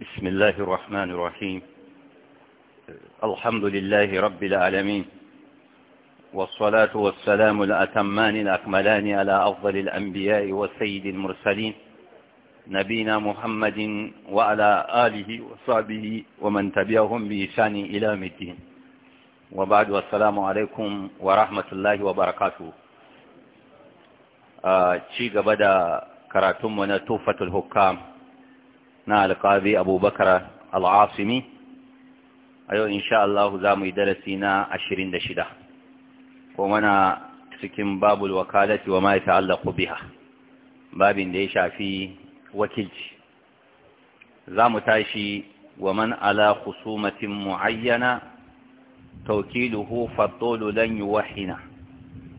بسم الله الرحمن الرحيم الحمد لله رب العالمين والصلاة والسلام الأتمان الأكملان على أفضل الأنبياء وسيد المرسلين نبينا محمد وعلى آله وصحبه ومن تبعهم بإشان إلى الدين وبعد والسلام عليكم ورحمة الله وبركاته آه، شيء بدأ كراتم ونتوفة الحكام نال قاضي أبو بكر العاصمي أيوة إن شاء الله زام درسينا عشرين دشدة ومنا سكن باب الوكالة وما يتعلق بها باب ديشا في وكيل زام تايشي ومن على خصومة معينة توكيله فالطول لن يوحنا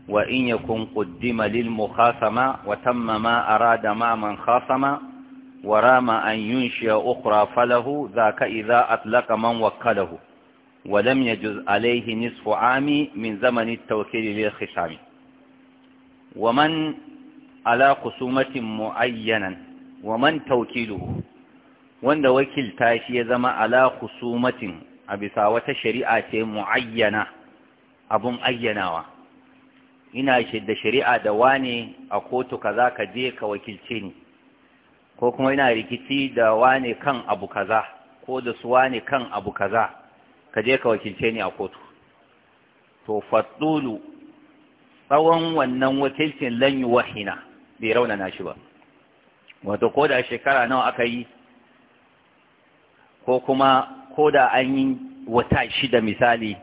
وإن يكون قدم للمخاصمة وتم ما أراد مع من خاصم ورام أن ينشي أخرى فله ذاك إذا أطلق من وكله ولم يجز عليه نصف عام من زمن التوكيل للخصام ومن على قسومة معينا ومن توكيله وان وكل تاشي زما على خصومة أبسا وتشريعات معينة أبم أينا إنا شد شريعة دواني أقوتك ذاك ديك وكلتيني ko kuma yana rikici da wane kan abu kaza ko da su wane kan abu kaza ka je ka wakilce ni a kotu to Fadulu tsawon wannan wakilcin lan yi wahina bai raunana shi ba wato ko da shekara nawa aka yi ko kuma ko da an yi wata shida misali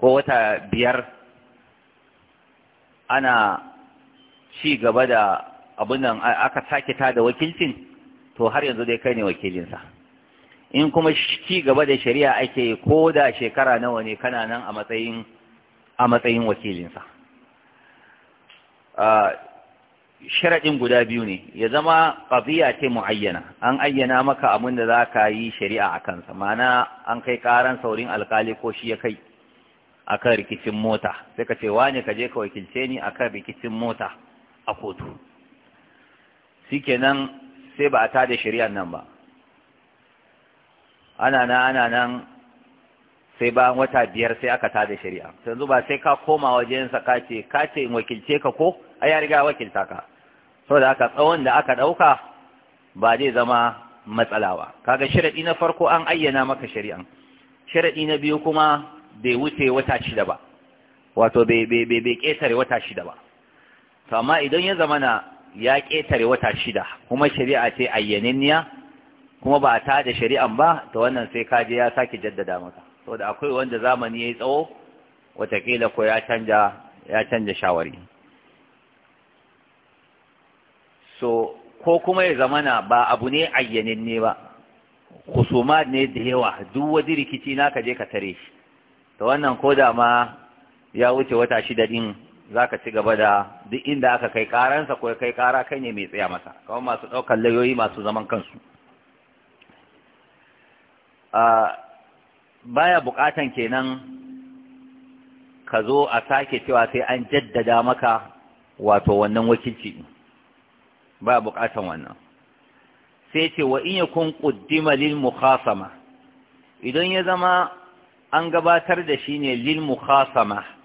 ko wata biyar ana ci gaba da abin nan aka sake ta da wakilcin to har yanzu dai kai ne wakilinsa in kuma ci gaba da shari'a ake ko da shekara nawa ne kana nan a matsayin a matsayin wakilinsa sharaɗin guda biyu ne ya zama ƙabiya ce mu'ayyana an ayyana maka abin da za ka yi shari'a a kansa mana an kai ƙaran saurin alkali ko shi ya kai a kan rikicin mota sai ka ce wane ka je ka wakilce ni a kan rikicin mota a kotu shikenan sai ba a tada shari'an nan ba ana nan ana nan sai bayan wata biyar sai aka tada shari'a yanzu ba sai ka koma wajensa ka ce ka ce in wakilce ka ko a ya riga wakilta ka saboda haka tsawon da aka ɗauka ba zai zama matsalawa kaga sharaɗi na farko an ayyana maka shari'a sharaɗi na biyu kuma bai wuce wata shida ba wato bai ƙetare wata shida ba to amma idan ya zama na ya ƙetare wata shida kuma shari'a ce ayyaninniya kuma ba ta da shari'an ba ta wannan sai kaje ya sake jaddada maka da akwai wanda zamani ya yi tsawo watakila ko ya canja shawari so ko kuma ya zamana ba abu ne ayyaninne ba kusuma ne da yawa duk wani rikici na ka je ka tare shi ta wannan ko da ma ya wuce wata shida din za ka ci gaba da duk inda aka kai karansa ko kai kara kai ne mai tsaya masa kawai masu ɗaukar layoyi masu zaman kansu baya bukatan kenan ka zo a sake cewa sai an jaddada maka wato wannan wakilci baya buƙatan wannan sai ce wa in yakun quddima lil mukhasama idan ya zama an gabatar da shi ne lil mukhasama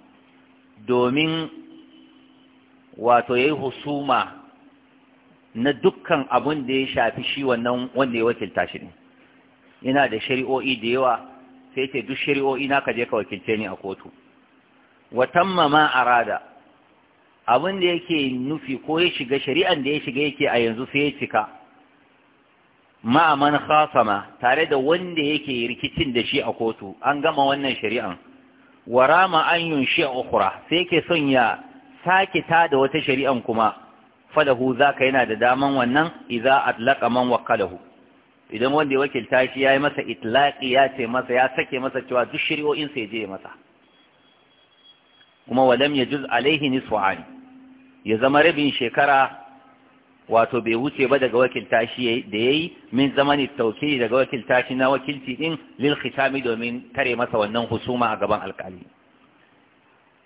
domin wato yayi husuma na dukkan abun da ya shafi shi wannan wanda ya wakilta shi ne Ina da shari'o'i da yawa sai ce duk shari'o'i na ka je ka wakilce ni a kotu watamma ma arada abin da yake nufi ko ya shiga shari'an da ya shiga yake a yanzu sai ya cika ma'aman khasama tare da wanda yake rikicin da shi a kotu an gama wannan shari'an wa rama an a ukhra sai yake son ya sake ta da wata shari'an kuma falahu zaka yana da daman wannan idza atlaqa man wakalahu idan wanda ya wakilta shi ya yi masa itlaqi ya ce masa ya sake masa cewa duk shari'o'in sai je masa kuma walam yajuz alaihi nisfu ya zama rabin shekara wato bai wuce ba daga wakilta shi da yayi min zamani tawkili daga wakilta shi na wakilci din lil khitami domin tare masa wannan husuma a gaban alkali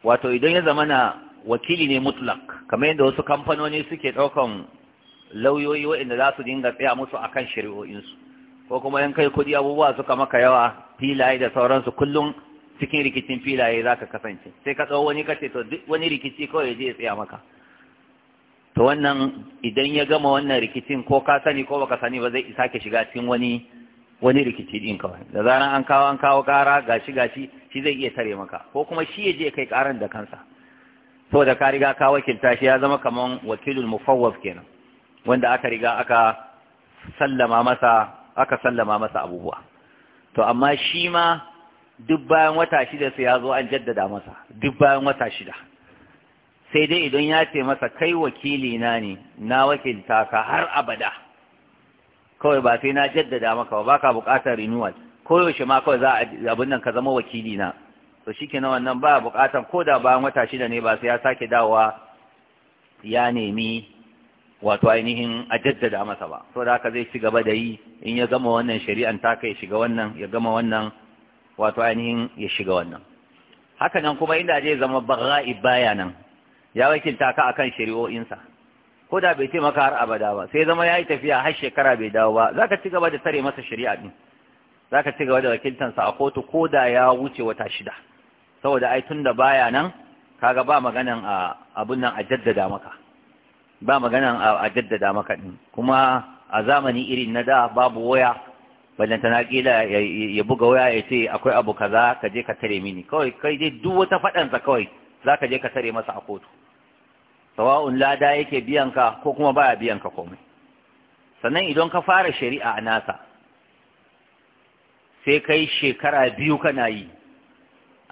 wato idan ya zamana wakili ne mutlak kamar yadda wasu kamfanoni suke daukan lauyoyi waɗanda za su dinga tsaya musu akan shari'o'insu ko kuma yan kai kudi abubuwa suka maka yawa filaye da sauransu kullum cikin rikicin filaye za ka kasance sai ka tsawo wani kace to duk wani rikici kawai ya tsaya maka to wannan idan ya gama wannan rikicin ko ka sani ko baka sani ba zai sake shiga cikin wani wani rikici din kawai da zaran an kawo an kawo kara gashi gashi shi zai iya tare maka ko kuma shi ya je kai karan da kansa saboda ka riga ka wakilta shi ya zama kaman wakilul mufawwaf kenan wanda aka riga aka sallama masa aka sallama masa abubuwa to amma shi ma duk bayan wata shida sai ya zo an jaddada masa duk bayan wata shida sai dai idan ya ce masa kai wakili na ne na wakilta ka har abada kawai ba sai na jaddada maka ba baka buƙatar renewal koyaushe ma kawai za a abin nan ka zama wakili na to shi kenan wannan ba buƙatar ko da bayan wata shida ne ba sai ya sake dawowa ya nemi wato ainihin a jaddada masa ba so da haka zai ci gaba da yi in ya gama wannan shari'an taka ya shiga wannan ya gama wannan wato ainihin ya shiga wannan haka nan kuma inda zai zama bagha'i baya nan ya wakilta ka akan shari'o'insa ko da bai taimaka har abada ba sai zama ya yi tafiya har shekara bai dawo ba za ka ci gaba da tare masa shari'a ɗin za ka ci gaba da wakiltansa a kotu ko da ya wuce wata shida saboda ai tun da baya nan kaga ba maganan a abun nan a jaddada maka ba maganan a jaddada maka ɗin kuma a zamani irin na da babu waya na kila ya buga waya ya ce akwai abu kaza ka je ka tare mini kawai kai dai duk wata faɗansa kawai za ka je ka tare masa a kotu sawa'un lada yake biyanka ko kuma baya biyanka komai sannan idan ka fara shari'a a nasa sai kai shekara biyu kana yi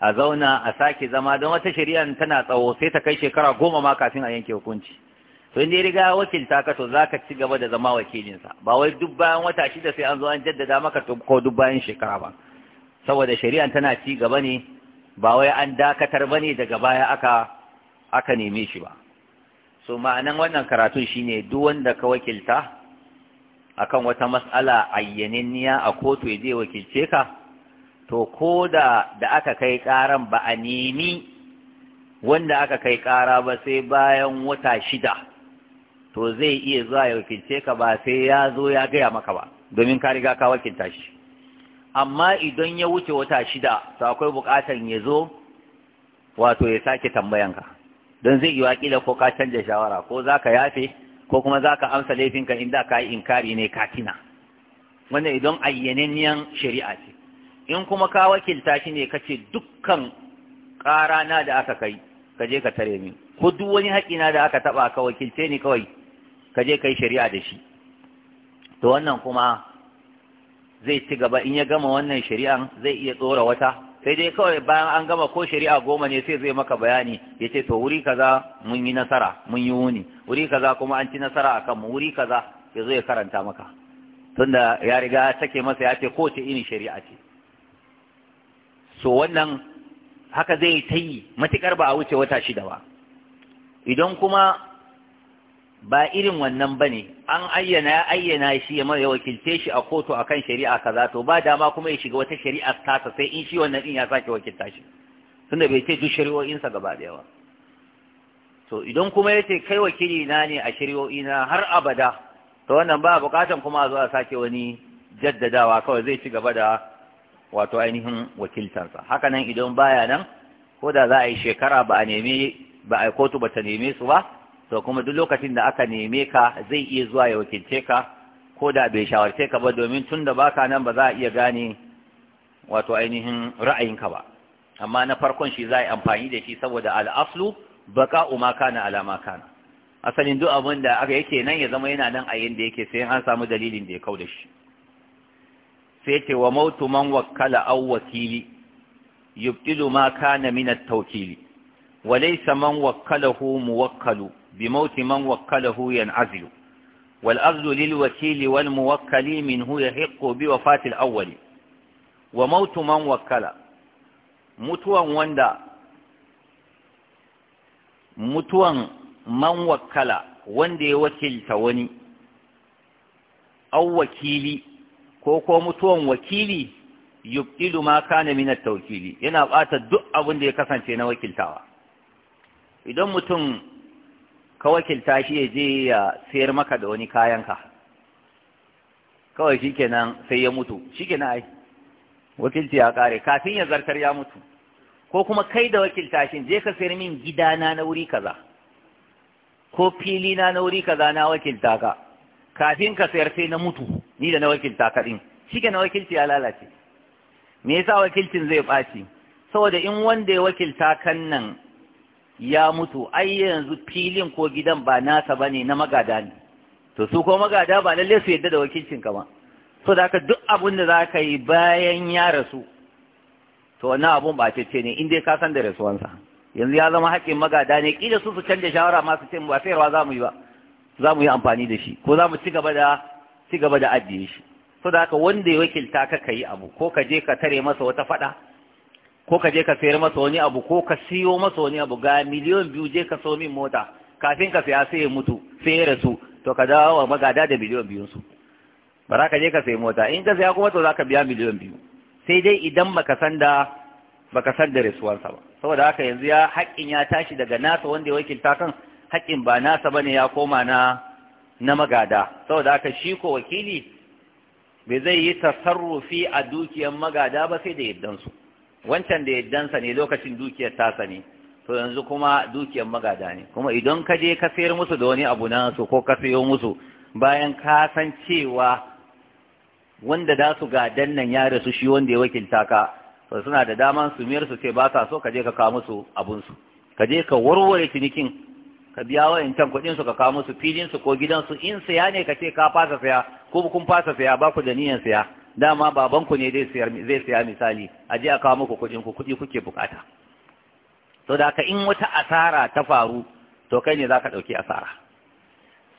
a zauna a sake zama don wata shari'a tana tsawo sai ta kai shekara goma ma kafin a yanke hukunci to inda ya riga wakilta ka to za ka ci gaba da zama wakilinsa ba wai duk bayan wata shida sai an zo an jaddada maka ko duk bayan shekara ba saboda shari'a tana ci gaba ne ba wai an dakatar ba ne daga baya aka aka neme shi ba so ma'anan wannan karatun shine duk wanda ka wakilta akan wata mas'ala ayyaninniya a kotu ya je wakilce ka to ko da da aka kai karan ba a nemi wanda aka kai kara ba sai bayan wata shida to zai iya zuwa ya wakilce ka ba sai ya zo ya gaya maka ba domin ka riga ka wakilta shi amma idan ya wuce wata shida to akwai bukatan ya zo wato ya sake tambayanka don zai yi waƙila ko ka canja shawara ko za ka yafe ko kuma za ka amsa laifinka inda ka yi inkari ne katina wannan idan ayyananniyan shari'a ce in kuma ka wakilta shi ne ce dukkan ƙara na da aka kai ka je ka tare min ko duk wani haƙƙi na da aka taɓa ka wakilce ni kawai ka je ka yi shari'a da shi to wannan kuma zai ci gaba in ya gama wannan shari'an zai iya tsora wata sai dai kawai bayan an gama ko shari'a goma ne sai zai maka bayani ya ce to wuri kaza mun yi nasara mun yi wuni wuri kaza kuma an ci nasara a kanmu wuri kaza ya zo ya karanta maka tunda ya riga take masa ya ce ko ce irin shari'a ce so wannan haka zai ta yi matuƙar ba a wuce wata shida ba idan kuma ba irin wannan ba ne an ayyana ya ayyana shi ya mara wakilce shi a kotu a kan shari'a kaza to ba dama kuma ya shiga wata shari'a tasa sai in shi wannan din ya sake wakilta shi tunda bai ce duk shari'o'insa gaba ɗaya yawa to idan kuma ya ce kai wakili na ne a shari'o'ina har abada to wannan ba bukatan kuma a zo a sake wani jaddadawa kawai zai ci gaba da wato ainihin wakiltansa haka nan idan baya nan ko da za a yi shekara ba a nemi ba a kotu ba ta neme su ba to kuma duk lokacin da aka neme ka zai iya zuwa ya wakilce ka ko da bai shawarce ka ba domin tun da baka nan ba za a iya gane wato ainihin ra'ayinka ba amma na farkon shi za a yi amfani da shi saboda al'aflu, baka ma kana alama kana asalin duk abin da aka yake nan ya zama yana nan a yanda yake sai an samu dalilin da ya kau da shi sai ce wa mautu man wakkala aw wakili yubtilu ma kana min at-tawkili wa laysa man wakkalahu muwakkalu بموت من وكله ينعزل والأرض للوكيل والموكل منه يحق بوفاة الأول وموت من وكل متوى وندا متوى من وكل wanda ya wakilta wani au wakili ko ko mutuwan wakili yubtilu ma kana min at-tawkili yana ɓata duk abin da ya kasance na wakiltawa idan mutum ka wakilta shi ya je ya sayar maka da wani kayanka kawai kenan sai ya mutu kenan ai wakilci ya kare kafin ya zartar ya mutu ko kuma kai da wakilta shi je ka sayar min gidana na wuri kaza ko fili na na wuri kaza na wakilta ka kafin ka sayar sai na mutu ni da na wakilta ka din kenan wakilci ya lalace me yasa wakilcin zai ɓaci saboda in wanda ya wakilta kan nan ya mutu ai yanzu filin ko gidan ba nasa ba ne na magada ne to su ko magada ba lalle su yadda da wakilcin ka ba so da haka duk abin da za ka yi bayan ya rasu to wannan abun ba ce ne in dai ka san da rasuwansa yanzu ya zama haƙƙin magada ne ƙila su su canza shawara masu ce ba sayarwa za mu yi ba za mu yi amfani da shi ko za mu ci gaba da ci gaba da ajiye shi so da haka wanda ya wakilta ka ka yi abu ko ka je ka tare masa wata faɗa ko ka je ka sayar masa wani abu ko ka siyo masa wani abu ga miliyon biyu je ka so min mota kafin ka saya sai ya mutu sai ya rasu to ka dawo wa magada da miliyon biyun su ba ka je ka sayi mota in ka saya kuma to za ka biya miliyon biyu sai dai idan baka san da baka san da sa ba saboda haka yanzu ya haƙƙin ya tashi daga nasa wanda ya wakilta kan haƙƙin ba nasa bane ya koma na na magada saboda haka shi ko wakili bai zai yi tasarrufi a dukiyar magada ba sai da yaddansu wancan da yaddansa ne lokacin dukiyar tasa ne to yanzu kuma dukiyar magada ne kuma idan ka je ka sayar musu da wani abu na su ko ka sayo musu bayan ka san cewa wanda za su gadan nan ya rasu shi wanda ya wakilta ka to suna da daman su miyar su ce ba sa so ka je ka kawo musu abun su ka je ka warware cinikin ka biya wa'incan kuɗin su ka kawo musu filin su ko gidan su in saya ne ka ce ka fasa saya ko kun fasa saya ba ku da niyan saya dama babanku ne zai siya misali a je a kawo muku kuɗin ku kuɗi kuke bukata to da ka in wata asara ta faru to kai ne za ka ɗauki asara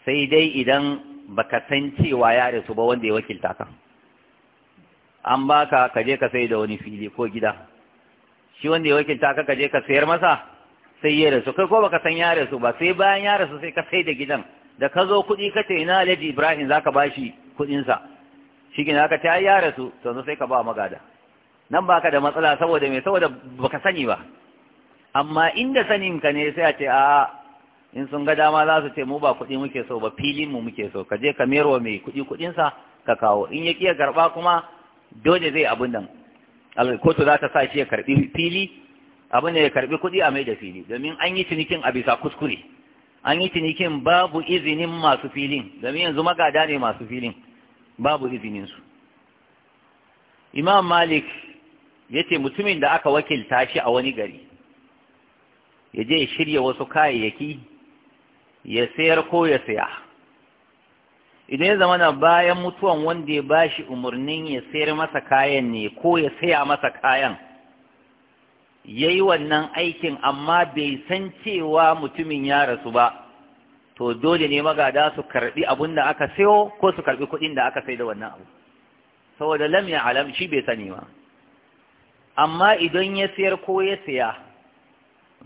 sai dai idan baka san cewa ya su ba wanda ya wakilta ka an baka ka je ka sai da wani fili ko gida shi wanda ya wakilta ka ka je ka sayar masa sai ya rasu kai ko baka san ya rasu ba sai bayan ya rasu sai ka sai da gidan da ka zo kuɗi ka ce ina Alhaji Ibrahim zaka bashi kuɗinsa shi ne aka ta ya rasu to sai ka ba magada nan ba ka da matsala saboda me saboda ba ka sani ba amma inda sanin ka ne sai a ce a in sun ga dama za su ce mu ba kuɗi muke so ba filin mu muke so ka je ka merwa mai kuɗi kuɗinsa ka kawo in ya kiya karɓa kuma dole zai abin nan kotu za ta sa shi ya karbi fili abin da ya karɓi kuɗi a mai da fili domin an yi cinikin a bisa kuskure an yi cinikin babu izinin masu filin domin yanzu magada ne masu filin babu izinin su. imam malik ya ce mutumin da aka wakilta shi a wani gari ya je ya shirya wasu kayayyaki ya sayar ko ya saya idan ya zamana bayan mutuwan wanda ya bashi umarnin ya sayar masa kayan ne ko ya saya masa kayan ya yi wannan aikin amma bai san cewa mutumin ya rasu ba to dole ne magada su karbi abun da aka sayo ko su karbi kuɗin da aka sai da wannan abu saboda lam ya alam shi bai sani ba amma idan ya sayar ko ya saya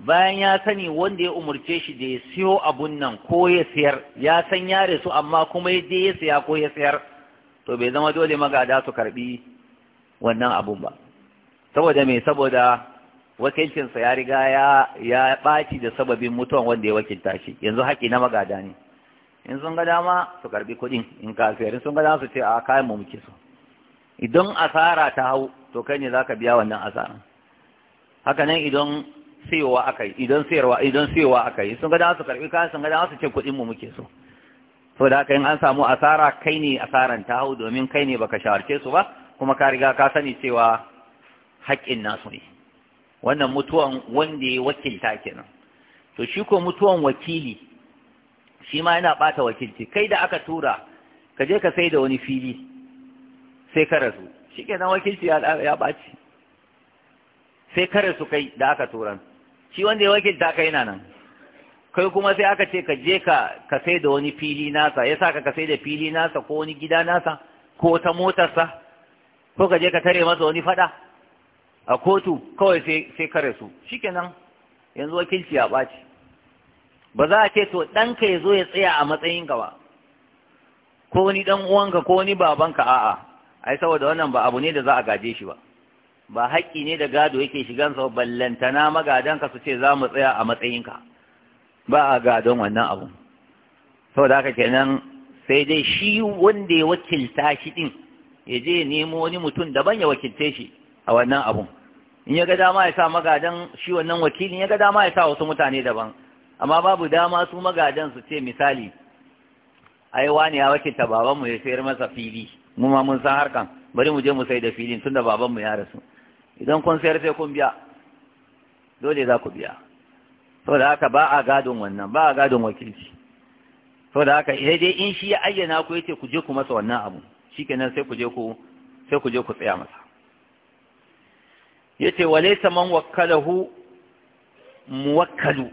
bayan ya sani wanda ya umurce shi da ya siyo abun nan ko ya sayar ya san ya su amma kuma ya je ya saya ko ya sayar to bai zama dole magada su karbi wannan abun ba saboda me saboda wakilcinsa ya riga ya ɓaci da sababin mutuwan wanda ya wakilta shi yanzu haƙi na magada ne in sun ga dama su karbi kuɗin in kafirin sun ga dama su ce a kayan mu muke so idan asara ta hau to kai ne zaka biya wannan asara haka nan idan aka yi, idan sayarwa idan aka yi sun ga dama su karbi kayan sun ga dama su ce kuɗin mu muke so so da haka in an samu asara kai ne asaran ta hau domin kai ne baka shawarce su ba kuma ka riga ka sani cewa haƙƙin nasu ne wannan mutuwan wanda ya wakilta kenan to shi ko mutuwan wakili shi ma yana bata wakilci kai da aka tura ka je ka sai da wani fili sai ka rasu shi kenan wakilci ya ɓaci sai ka rasu kai da aka tura shi wanda ya wakilta kai na nan kai kuma sai aka ce ka je ka ka sai da wani fili nasa ya sa ka sai da fili nasa ko wani gida nasa ko ta motarsa ko ka je ka tare masa wani fada a kotu kawai sai kare su kenan yanzu wakilci ya ɓaci ba za a ce to ɗanka ya zo ya tsaya a matsayin ba ko wani ɗan uwanka ko wani babanka a'a ai saboda wannan ba abu ne da za a gaje shi ba ba haƙƙi ne da gado yake sa ballantana magadanka su ce za mu tsaya a matsayinka ba a gadon wannan abu saboda haka kenan sai dai shi wanda ya wakilta shi ɗin ya je nemo wani mutum daban ya wakilce shi a wannan abun in ya ga dama ya sa magadan shi wannan wakilin ya ga dama ya sa wasu mutane daban amma babu dama su magadan su ce misali ai wani ya wakilta babanmu ya sayar masa fili mu ma mun san harkan bari mu je mu sai da filin tunda babanmu ya rasu idan kun sayar sai kun biya dole za ku biya saboda haka ba a gadon wannan ba a gadon wakilci saboda haka sai dai in shi ya ayyana ku yace ku je ku masa wannan abu shikenan sai ku je ku sai ku je ku tsaya masa yace walaysa man wakkalahu muwakkalu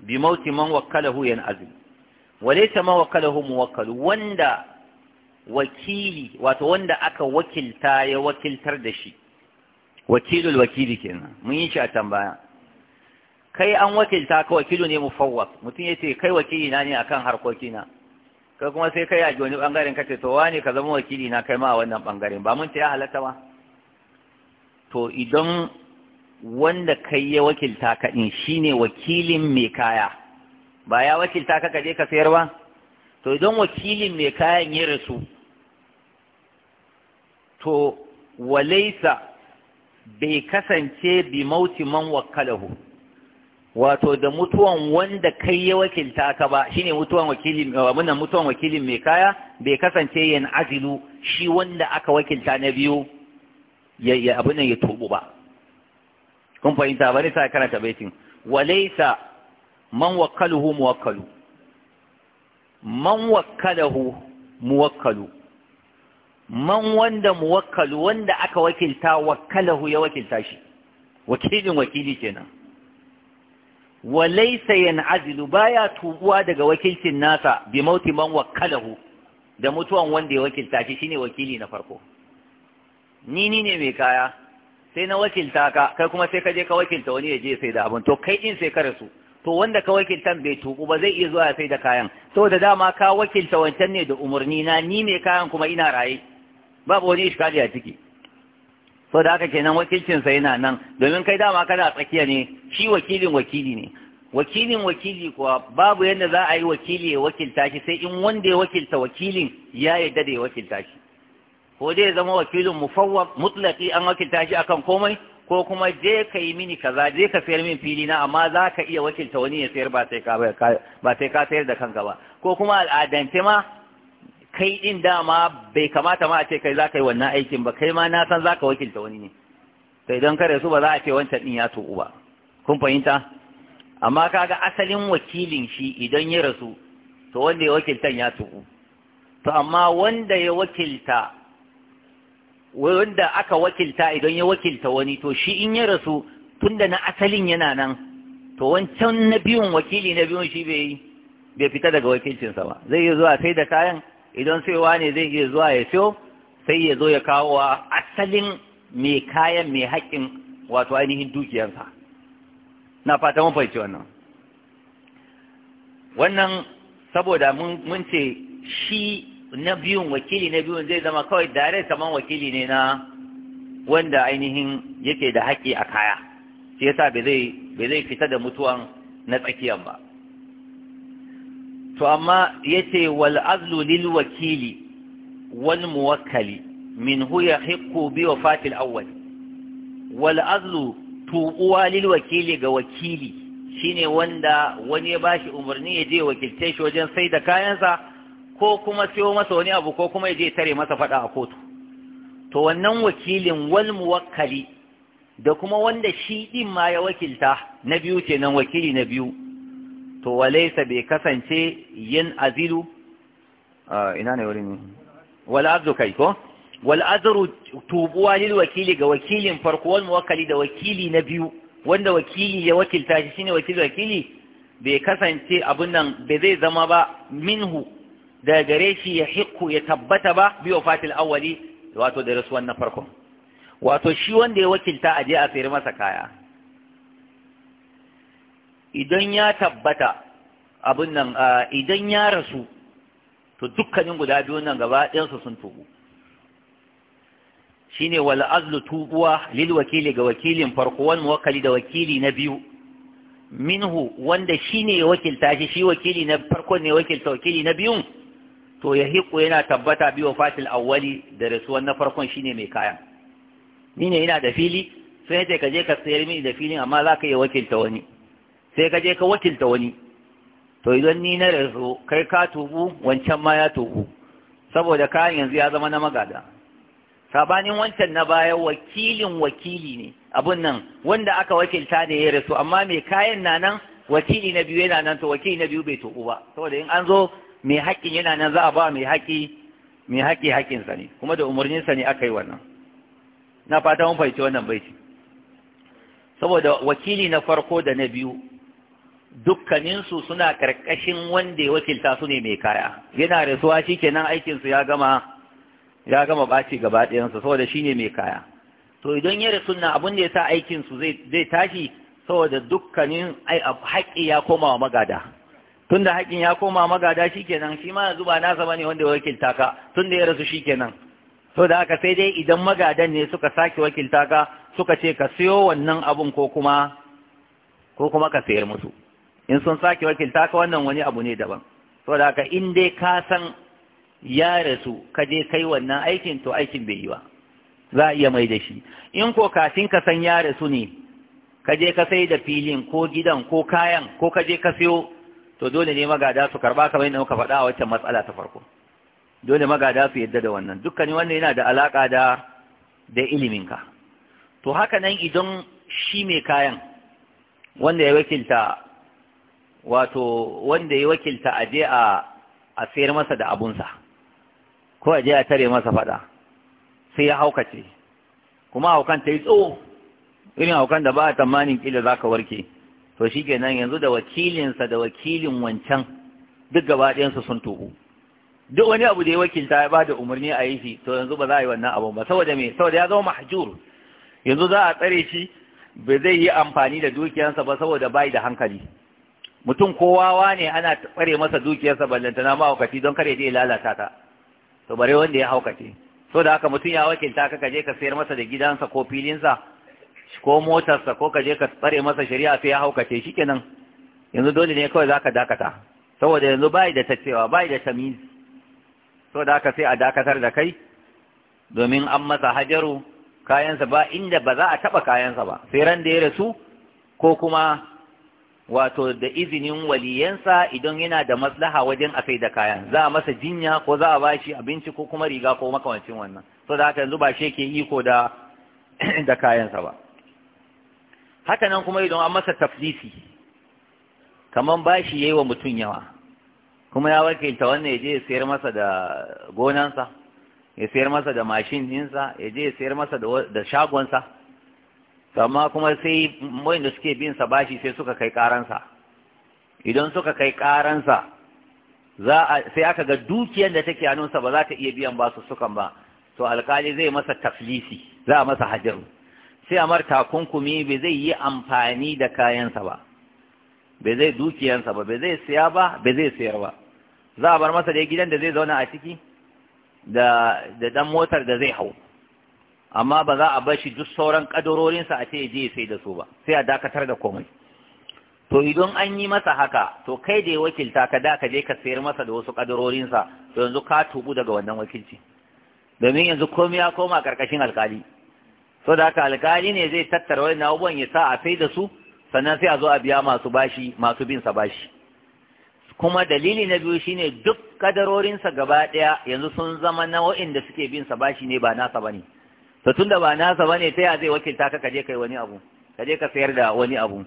bi mauti man wakkalahu yan'azim walaysa man wakkalahu muwakkalu wanda wakili wato wanda aka wakilta ya wakiltar da shi wakilul wakili kenan mun yi shi a tambaya kai an wakilta ka wakilu ne mufawwaf mutum yace kai wakili na ne akan harkokina kai kuma sai kai a wani bangaren kace to wani ka zama wakili na kai ma a wannan bangaren ba mun ta ya halatta ba to idan wanda kai ya wakilta ka ɗin shi ne wakilin mai kaya ba ya wakilta ka kaje ka sayar ba to idan wakilin mai kayan ya rasu to walaisa bai kasance bi mauti man wato da mutuwan wanda kai ya wakilta ka ba shine mutuwan wakilin mutuwan wakilin mai kaya bai kasance yan azilu shi wanda aka wakilta na biyu ya abin nan ya tubu ba kun fahimta ba ne sa karanta baitin walaisa man wakkaluhu muwakkalu man wakkalahu muwakkalu man wanda muwakkalu wanda aka wakilta wakkalahu ya wakilta shi wakilin wakili kenan walaisa yan'azilu baya tubuwa daga wakilcin nasa bi mauti man wakkalahu da mutuwan wanda ya wakilta shi shine wakili na farko ni ni ne mai kaya sai na wakilta ka kai kuma sai ka je ka wakilta wani ya je sai da abin to kai din sai ka rasu to wanda ka wakilta bai tuku ba zai iya zuwa ya sai da kayan saboda dama ka wakilta wancan ne da umarni na ni mai kayan kuma ina raye babu wani iskali a ciki da haka kenan wakilcin sa yana nan domin kai dama kana tsakiya ne shi wakilin wakili ne wakilin wakili kuwa babu yadda za a yi wakili ya wakilta shi sai in wanda ya wakilta wakilin ya yarda da ya wakilta shi ko dai zama wakilin mufawwad mutlaqi an wakilta shi akan komai ko kuma je ka yi mini kaza je ka sayar min fili na amma za ka iya wakilta wani ya sayar ba sai ka ba sai ka sayar da kanka ba ko kuma al'adance ma kai din dama bai kamata ma a ce kai za ka yi wannan aikin ba kai ma na san za ka wakilta wani ne to idan kare su ba za a ce wancan din ya tuku ba kun fahimta amma kaga asalin wakilin shi idan ya rasu to wanda ya wakiltan ya tuku to amma wanda ya wakilta wanda aka wakilta idan ya wakilta wani to shi in ya rasu tunda na asalin yana nan to wancan na biyun wakili na biyun shi bai bai fita daga sa ba zai iya zuwa sai da kayan idan saiwa ne zai iya zuwa ya siyo sai ya zo ya kawo asalin mai kayan mai haƙƙin wato ainihin dukiyarsa na fata mun fahimci wannan wannan saboda mun ce shi na biyun wakili na biyun zai zama kawai dare kaman wakili ne na wanda ainihin yake da haƙƙi a kaya shi yasa ba zai zai fita da mutuwan na tsakiyan ba to amma yace wal azlu lil wakili wal muwakkali min hu yahiqqu bi al awwal wal azlu tuquwa lil wakili ga wakili shine wanda wani ya bashi umarni ya je wakilce shi wajen sai da kayansa ko kuma siyo masa wani abu ko kuma ya je tare masa faɗa a kotu to wannan wakilin wal muwakkali da kuma wanda shi din ma ya wakilta na biyu kenan wakili na biyu to walaysa bai kasance yin azilu ina ne wurin wal abdu kai ko wal azru tubuwa lil wakili ga wakilin farko wal muwakkali da wakili na biyu wanda wakili ya wakilta shi shine wakili wakili bai kasance abun nan bai zai zama ba minhu Da gare shi ya hiku ya tabbata ba biyo fatil awwali wato da rasuwan na farkon wato shi wanda ya wakilta aje a sayar masa kaya idan ya tabbata abin nan idan ya rasu to dukkanin guda biyu nan gaba ɗayansu sun tubu shine wal azlu tubuwa lil wakili ga wakilin farko wal wakali da wakili na biyu minhu wanda shine ya wakilta shi shi wakili na farko ne wakilta wakili na biyun to ya yana tabbata bi wa fatil awwali da rasuwan na farkon shine mai kayan ni ne ina da fili sai ce ka je ka sayar mini da filin amma za ka iya wakilta wani sai ka je ka wakilta wani to idan ni na rasu kai ka tubu wancan ma ya tubu saboda kayan yanzu ya zama na magada sabanin wancan na baya wakilin wakili ne abun nan wanda aka wakilta ne ya rasu amma mai kayan na nan wakili na biyu yana nan to wakili na biyu bai tubu ba saboda in an zo mai haƙƙin yana nan za a ba mai haƙƙi mai haƙƙi haƙƙinsa ne kuma da umarninsa ne aka yi wannan na fata mun fahimci wannan baiti saboda wakili na farko da na biyu dukkaninsu suna ƙarƙashin wanda ya wakilta su ne mai kaya yana rasuwa shi kenan aikinsu ya gama ya gama ɓaci gaba ɗayansa saboda shi ne mai kaya to idan ya rasu na abin da ya sa aikinsu zai tashi saboda dukkanin haƙƙi ya koma wa magada Tun da haƙin ya koma magada shi kenan shi ma zuba ba nasa bane wanda ya wakilta ka da ya rasu kenan to da aka sai dai idan magadan ne suka sake wakilta ka suka ce ka siyo wannan abun ko kuma ko kuma ka sayar musu in sun sake wakilta ka wannan wani abu ne daban to da haka in dai ka san ya rasu ka je kai wannan aikin to aikin bai yi ba za a iya mai da shi in ko kafin ka san ya rasu ne ka je ka sai da filin ko gidan ko kayan ko ka je ka siyo to dole ne magada su karba kamar yadda muka faɗa a waccan matsala ta farko dole magada su yadda da wannan dukkanin wannan yana da alaka da da iliminka to haka nan idan shi mai kayan wanda ya wakilta wato wanda ya wakilta a je a a sayar masa da abunsa ko a je a tare masa faɗa sai ya haukace kuma haukan ta yi tso irin haukan da ba a tsammanin kila za ka warke to shi kenan yanzu da wakilinsa da wakilin wancan duk gaba ɗayansu sun tuhu duk wani abu da ya wakilta ya ba da umarni a yi shi to yanzu ba za a yi wannan abun ba saboda me saboda ya zama mahjur yanzu za a tsare shi ba zai yi amfani da dukiyarsa ba saboda bai da hankali mutum kowawa ne ana tsare masa dukiyarsa ballantana ma haukaci don kare zai lalata ta to bare wanda ya haukace so da haka mutum ya wakilta ka kaje ka sayar masa da gidansa ko filinsa ko motarsa ko ka je ka tsare masa shari'a sai ya haukace shi kenan yanzu dole ne kawai zaka dakata saboda yanzu bai da tacewa bai da tamiz so da aka sai a dakatar da kai domin an masa hajaru kayansa ba inda ba za a taba kayansa ba sai ran da ya rasu ko kuma wato da izinin waliyansa idan yana da maslaha wajen a kai da kayan za a masa jinya ko za a bashi abinci ko kuma riga ko makawancin wannan so da haka yanzu ba shi yake iko da kayansa ba haka nan kuma idan an masa taflisi kaman bashi yayi wa mutum yawa kuma ya wakilta wannan ya je ya sayar masa da gonansa ya sayar masa da mashin ya je ya sayar masa da shagonsa amma kuma sai da suke bin sa bashi sai suka kai karansa idan suka kai karansa za sai aka ga dukiyar da take hannunsa ba za ta iya biyan ba su sukan ba to alkali zai masa taflisi za a masa hajaru sai amar takunkumi bai zai yi amfani da kayansa ba bai zai dukiyansa ba bai zai siya ba bai zai siyar ba za a bar masa da gidan da zai zauna a ciki da da motar da zai hau amma ba za a bar shi duk sauran kadarorinsa a ce je sai da su ba sai a dakatar da komai to idan an yi masa haka to kai da ya wakilta ka da ka je ka sayar masa da wasu ƙadarorinsa to yanzu ka tubu daga wannan wakilci domin yanzu komai ya koma ƙarƙashin alkali so da aka alkali ne zai tattara wani abubuwan ya sa a sai da su sannan sai a zo a biya masu bashi masu bin sa bashi kuma dalili na biyu shine duk kadarorinsa gaba ɗaya yanzu sun zama na wa'inda suke bin sa bashi ne ba nasa bane to tunda ba nasa bane ta ya zai wakilta ka kaje kai wani abu kaje ka sayar da wani abu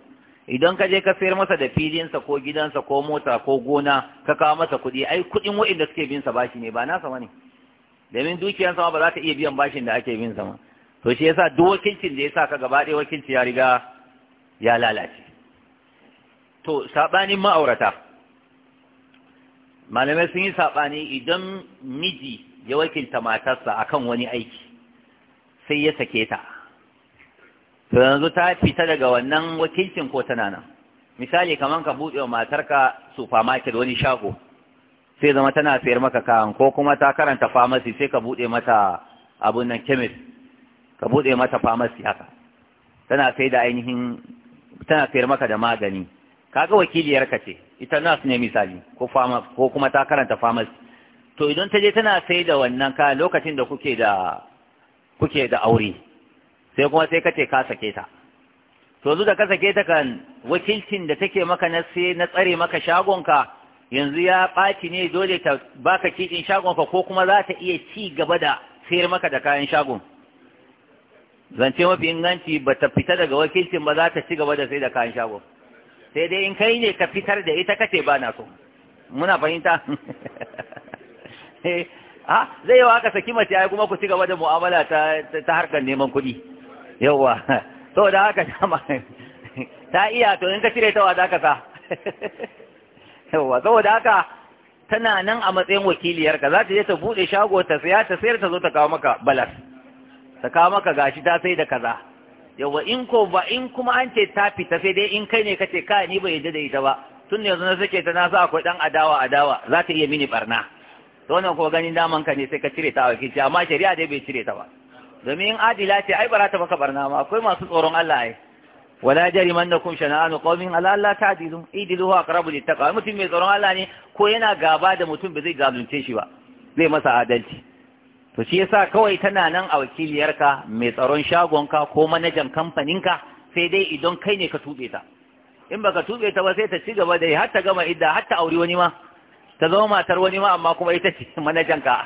idan ka je ka sayar masa da filinsa ko gidansa ko mota ko gona ka kawo masa kuɗi ai kuɗin wa'inda suke bin sa bashi ne ba nasa bane domin dukiyansa ba za ta iya biyan bashin da ake bin sa ma to shi yasa duk wakilcin da ya sa ka gaba ɗaya wakilci ya riga ya lalace to saɓanin ma'aurata malamai sun yi saɓani idan miji ya wakilta matarsa akan wani aiki sai ya sake ta to yanzu ta fita daga wannan wakilcin ko tana nan misali kamar ka buɗe wa matarka supermarket wani shago sai zama tana sayar maka kayan ko kuma ta karanta pharmacy sai ka buɗe mata abun nan chemist ka buɗe mata famasi haka tana sai da ainihin tana sayar maka da magani kaga wakiliyar ka ce ita nas ne misali ko fama ko kuma ta karanta famasi to idan ta je tana sai da wannan ka lokacin da kuke da kuke da aure sai kuma sai kace ka sake ta to zu da ka sake ta kan wakilcin da take maka na sai na tsare maka shagonka yanzu ya ɓaci ne dole ta baka kiɗin shagonka ko kuma za ta iya ci gaba da sayar maka da kayan shagon zance mafi inganci ba ta fita daga wakilcin ba za ta ci gaba da sai da kayan shago sai dai in kai ne ka fitar da ita kace ba na so muna fahimta eh, ha zai yawa aka saki mace ai kuma ku ci gaba da mu'amala ta ta harkar neman kuɗi yawa saboda haka ta iya to in ka cire ta wa zaka ka sa yawa saboda haka tana nan a matsayin wakiliyarka za ta je ta buɗe shago ta siya ta sayar ta zo ta kawo maka balas ta kawo maka gashi ta sai da kaza yawa in ko ba in kuma an ce ta fita sai dai in kai ne kace ka ni bai yadda da ita ba tun yanzu na sake ta na sa akwai dan adawa adawa za ta iya mini barna to wannan ko ganin daman ka ne sai ka cire ta a kici amma shari'a dai bai cire ta ba domin in adila ce ai bara ta maka barna ma akwai masu tsoron Allah ai wala jarimannakum shana'anu qawmin ala alla ta'dilu idilu aqrabu littaqwa mutum mai tsoron Allah ne ko yana gaba da mutum bai zai zalunce shi ba zai masa adalci to shi yasa kawai tana nan a wakiliyarka mai tsaron shagonka ko manajan kamfaninka sai dai idan kai ne ka tuɓe ta in baka tuɓe ta ba sai ta ci gaba da har ta gama idda har ta auri wani ma ta zama matar wani ma amma kuma ita ce manajanka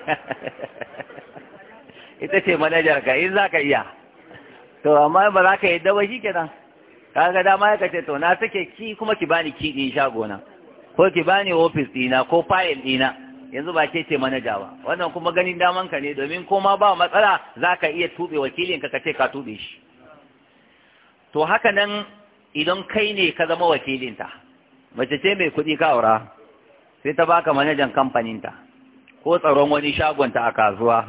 ita ce manajarka in za ka iya to amma ba za ka yadda ba shi kenan kaga dama ya kace to na sake ki kuma ki bani ki din shagona ko ki bani office dina ko file dina yanzu ba ke ce manaja ba wannan kuma ganin daman ka ne domin koma ba matsala za ka iya tuɓe wakilin ka ce ka tuɓe shi to haka nan idan kai ne ka zama wakilinta mace ce mai kuɗi ka aura sai ta baka manajan kamfaninta ko tsaron wani shagonta a kasuwa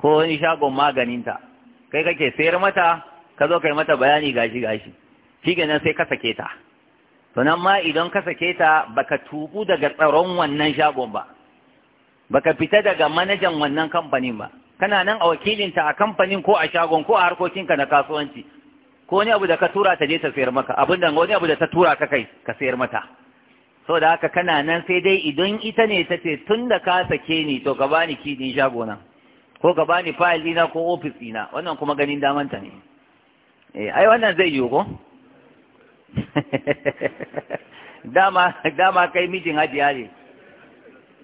ko wani shagon maganinta kai kake sayar mata ka zo kai mata bayani gashi gashi shi kenan sai ka sake ta sannan ma idan ka sake ta baka tubu daga tsaron wannan shagon ba baka fita daga manajan wannan kamfanin ba kana nan a wakilinta a kamfanin ko a shagon ko a harkokinka na kasuwanci ko wani abu da ka tura ta je ta sayar maka abin da wani abu da ta tura ka kai ka sayar mata saboda haka kana nan sai dai idan ita ne ta ce tun da ka sake ni to ka bani kidin na ko ka bani fayil dina ko ofis dina wannan kuma ganin ta ne eh ai wannan zai yiwu ko dama dama kai mijin hajiya ne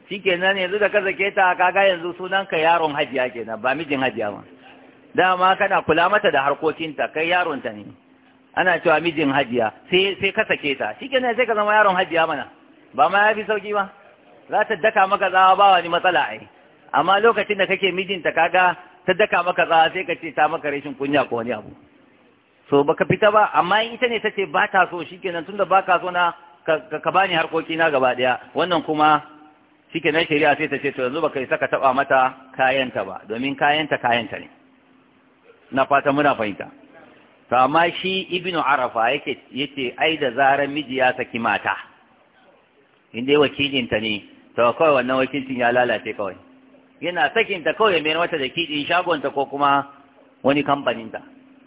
shikenan yanzu da ka zake ta kaga yanzu sunanka yaron hajiya kenan ba mijin hajiya ba dama kana kula mata da harkokinta kai yaronta ne ana cewa mijin hajiya sai sai ka sake ta shi shikenan sai ka zama yaron hajiya mana ba ma ya fi sauki ba za ta daka maka tsawa ba wani matsala ai amma lokacin da kake mijinta kaga ta daka maka tsawa sai ka ce ta maka rashin kunya ko wani abu so baka fita ba amma in ita ne ta ce ba ta so shikenan tunda ba ka so na ka bani harkokina gaba daya wannan kuma shike nan shari'a sai ta ce to yanzu baka isa ka taba mata kayanta ba domin kayanta kayanta ne na fata muna fahimta to amma shi ibnu arafa yake yace ai da zaran miji ya saki mata inda wakilinta ne to kawai wannan wakilcin ya lalace kawai yana sakin ta kawai mai wata mata da kidin ta ko kuma wani kamfaninta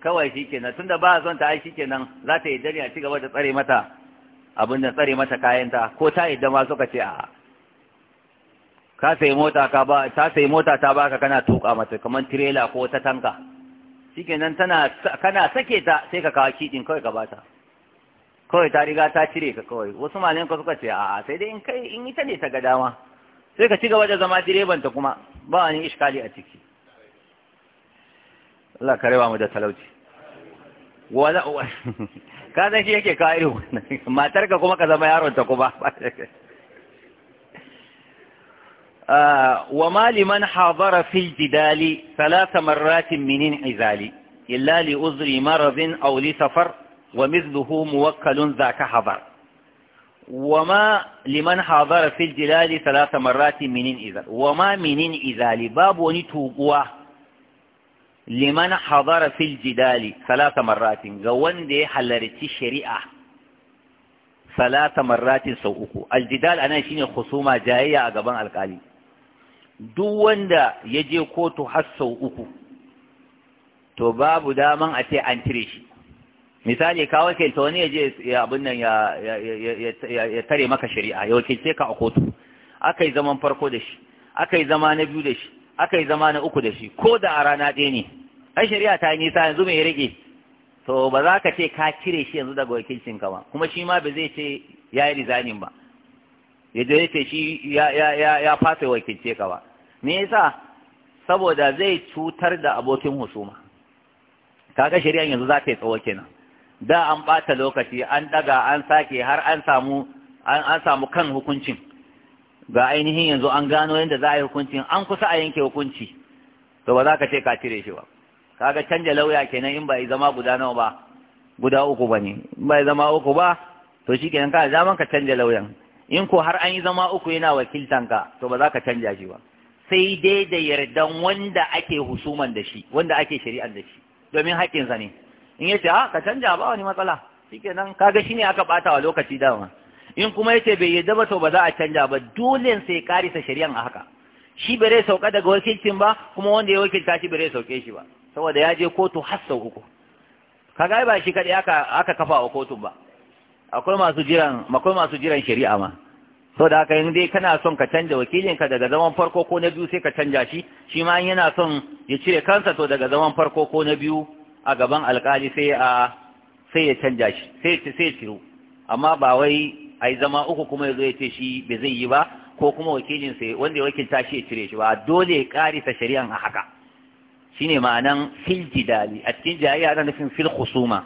kawai shi kenan tunda ba son ta ai shi kenan za ta yi dare a ci gaba da tsare mata abin da tsare mata kayanta ko ta yi ma suka ce a'a ka sai mota ka ba ta sai mota ta baka kana tuka mata kaman trailer ko ta tanka shikenan tana kana sake ta sai ka kawo kidin kai ka bata kai ta riga ta cire ka kai wasu malen ka suka ce a a sai dai in kai in ita ne ta ga dama sai ka ci gaba da zama direban ta kuma ba wani iskali a ciki Allah kare rewa mu da talauci wala ka san shi yake kai wannan matar ka kuma ka zama yaron ta kuma وما لمن حاضر في الجدال ثلاث مرات من انعزال إلا لأذر مرض أو لسفر ومثله موكل ذاك حضر وما لمن حاضر في الجلال ثلاث مرات من انعزال وما من انعزال باب ونتوقوا liman hadara fil jidali salata marratin ga wanda ya halarci shari'a salata marratin sau uku aljidal anan shine khusuma jayayya a gaban alkali duk wanda ya je kotu har sau uku to babu daman a ce an cire shi misali ka wakilta wani ya je abin nan ya tare maka shari'a ya wakilce ka a kotu aka yi zaman farko da shi aka yi zama na biyu da shi aka yi zama na uku da shi ko da a rana ɗaya ne An shari'a ta yi nisa yanzu mai rage to ba za ka ce ka cire shi yanzu daga wakilcin ka ba kuma shi ma ba zai ce ya yi rizanin ba ya je ce shi ya fasa wakilce ka ba me yasa saboda zai cutar da abokin husuma kaga shari'an yanzu za ta yi tsawo kenan da an ɓata lokaci an ɗaga an sake har an samu an samu kan hukuncin ga ainihin yanzu an gano yadda za a yi hukuncin an kusa a yanke hukunci to ba za ka ce ka cire shi ba kaga canja lauya kenan in ba zama guda nawa ba guda uku ba ne in ba zama uku ba to shi kenan ka zaman ka canja lauyan in ko har an yi zama uku yana wakiltanka to ba za ka canja shi ba sai dai da yardan wanda ake husuman da shi wanda ake shari'an da shi domin haƙƙinsa ne in ya ce a ah, ka canja ba wani matsala nan kaga shi ne aka ɓata wa lokaci dama in kuma ya ce bai yarda ba to ba za a canja ba dole sai karisa shari'an a haka shi bai rai sauka daga wakilcin ba kuma wanda ya wakilta shi bai rai sauke shi ba saboda ya je kotu har sau uku kaga ba shi kaɗai aka aka kafa wa kotun ba akwai masu jiran akwai masu jiran shari'a ma so da haka yanzu kana son ka canja wakilinka daga zaman farko ko na biyu sai ka canja shi shi ma yana son ya cire kansa to daga zaman farko ko na biyu a gaban alkali sai a sai ya canja shi sai sai ciro amma ba wai ai zama uku kuma yazo ya ce shi bai zai yi ba ko kuma wakilin sai wanda ya wakilta shi ya cire shi ba dole ya karisa shari'an a haka shine ma'anan fil jidali a cikin jayya ana nufin fil khusuma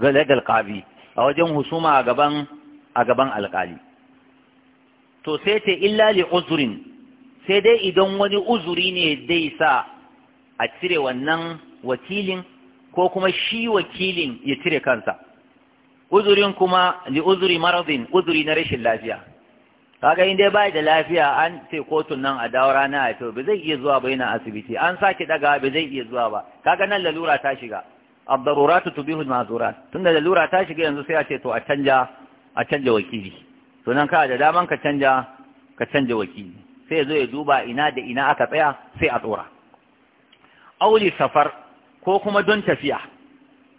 ga ladal qabi a wajen husuma a gaban a gaban alkali to sai ta illa li uzurin sai dai idan wani uzuri ne dai sa a cire wannan wakilin ko kuma shi wakilin ya cire kansa uzurin kuma li uzuri maradin uzuri na rashin lafiya kaga in dai bai da lafiya an ce kotun nan a dawo rana a to ba zai iya zuwa ba yana asibiti an sake daga ba zai iya zuwa ba kaga nan lalura ta shiga abdaruratu tubihu mazurat tunda lalura ta shiga yanzu sai a ce to a canja a canja wakili sunan ka da daman ka canja ka canja wakili sai ya ya duba ina da ina aka tsaya sai a tsora auli safar ko kuma don tafiya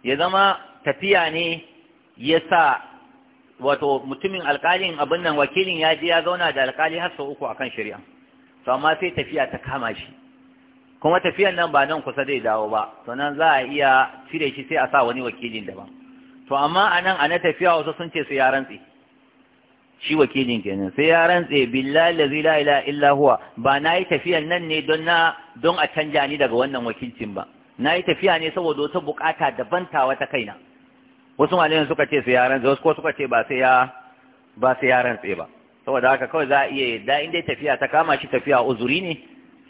ya zama tafiya ne ya sa wato mutumin alkalin abin nan wakilin ya je ya zauna da alkali har sau uku akan shari'a to amma sai tafiya ta kama shi kuma tafiyan nan ba nan kusa zai dawo ba sannan za a iya cire shi sai a sa wani wakilin daban to amma anan nan a na tafiya wasu sun ce su ya rantse shi wakilin kenan sai ya rantse billahi la ilaha illa huwa ba nayi tafiyan nan ne don na don a canja ni daga wannan wakilcin ba nayi tafiya ne saboda wata bukata daban ta wata kaina wasu malaman suka ce sai ya rantse wasu ko suka ce ba sai ya ba sai ya rantse ba saboda haka kawai za a iya da in dai tafiya ta kama shi tafiya uzuri ne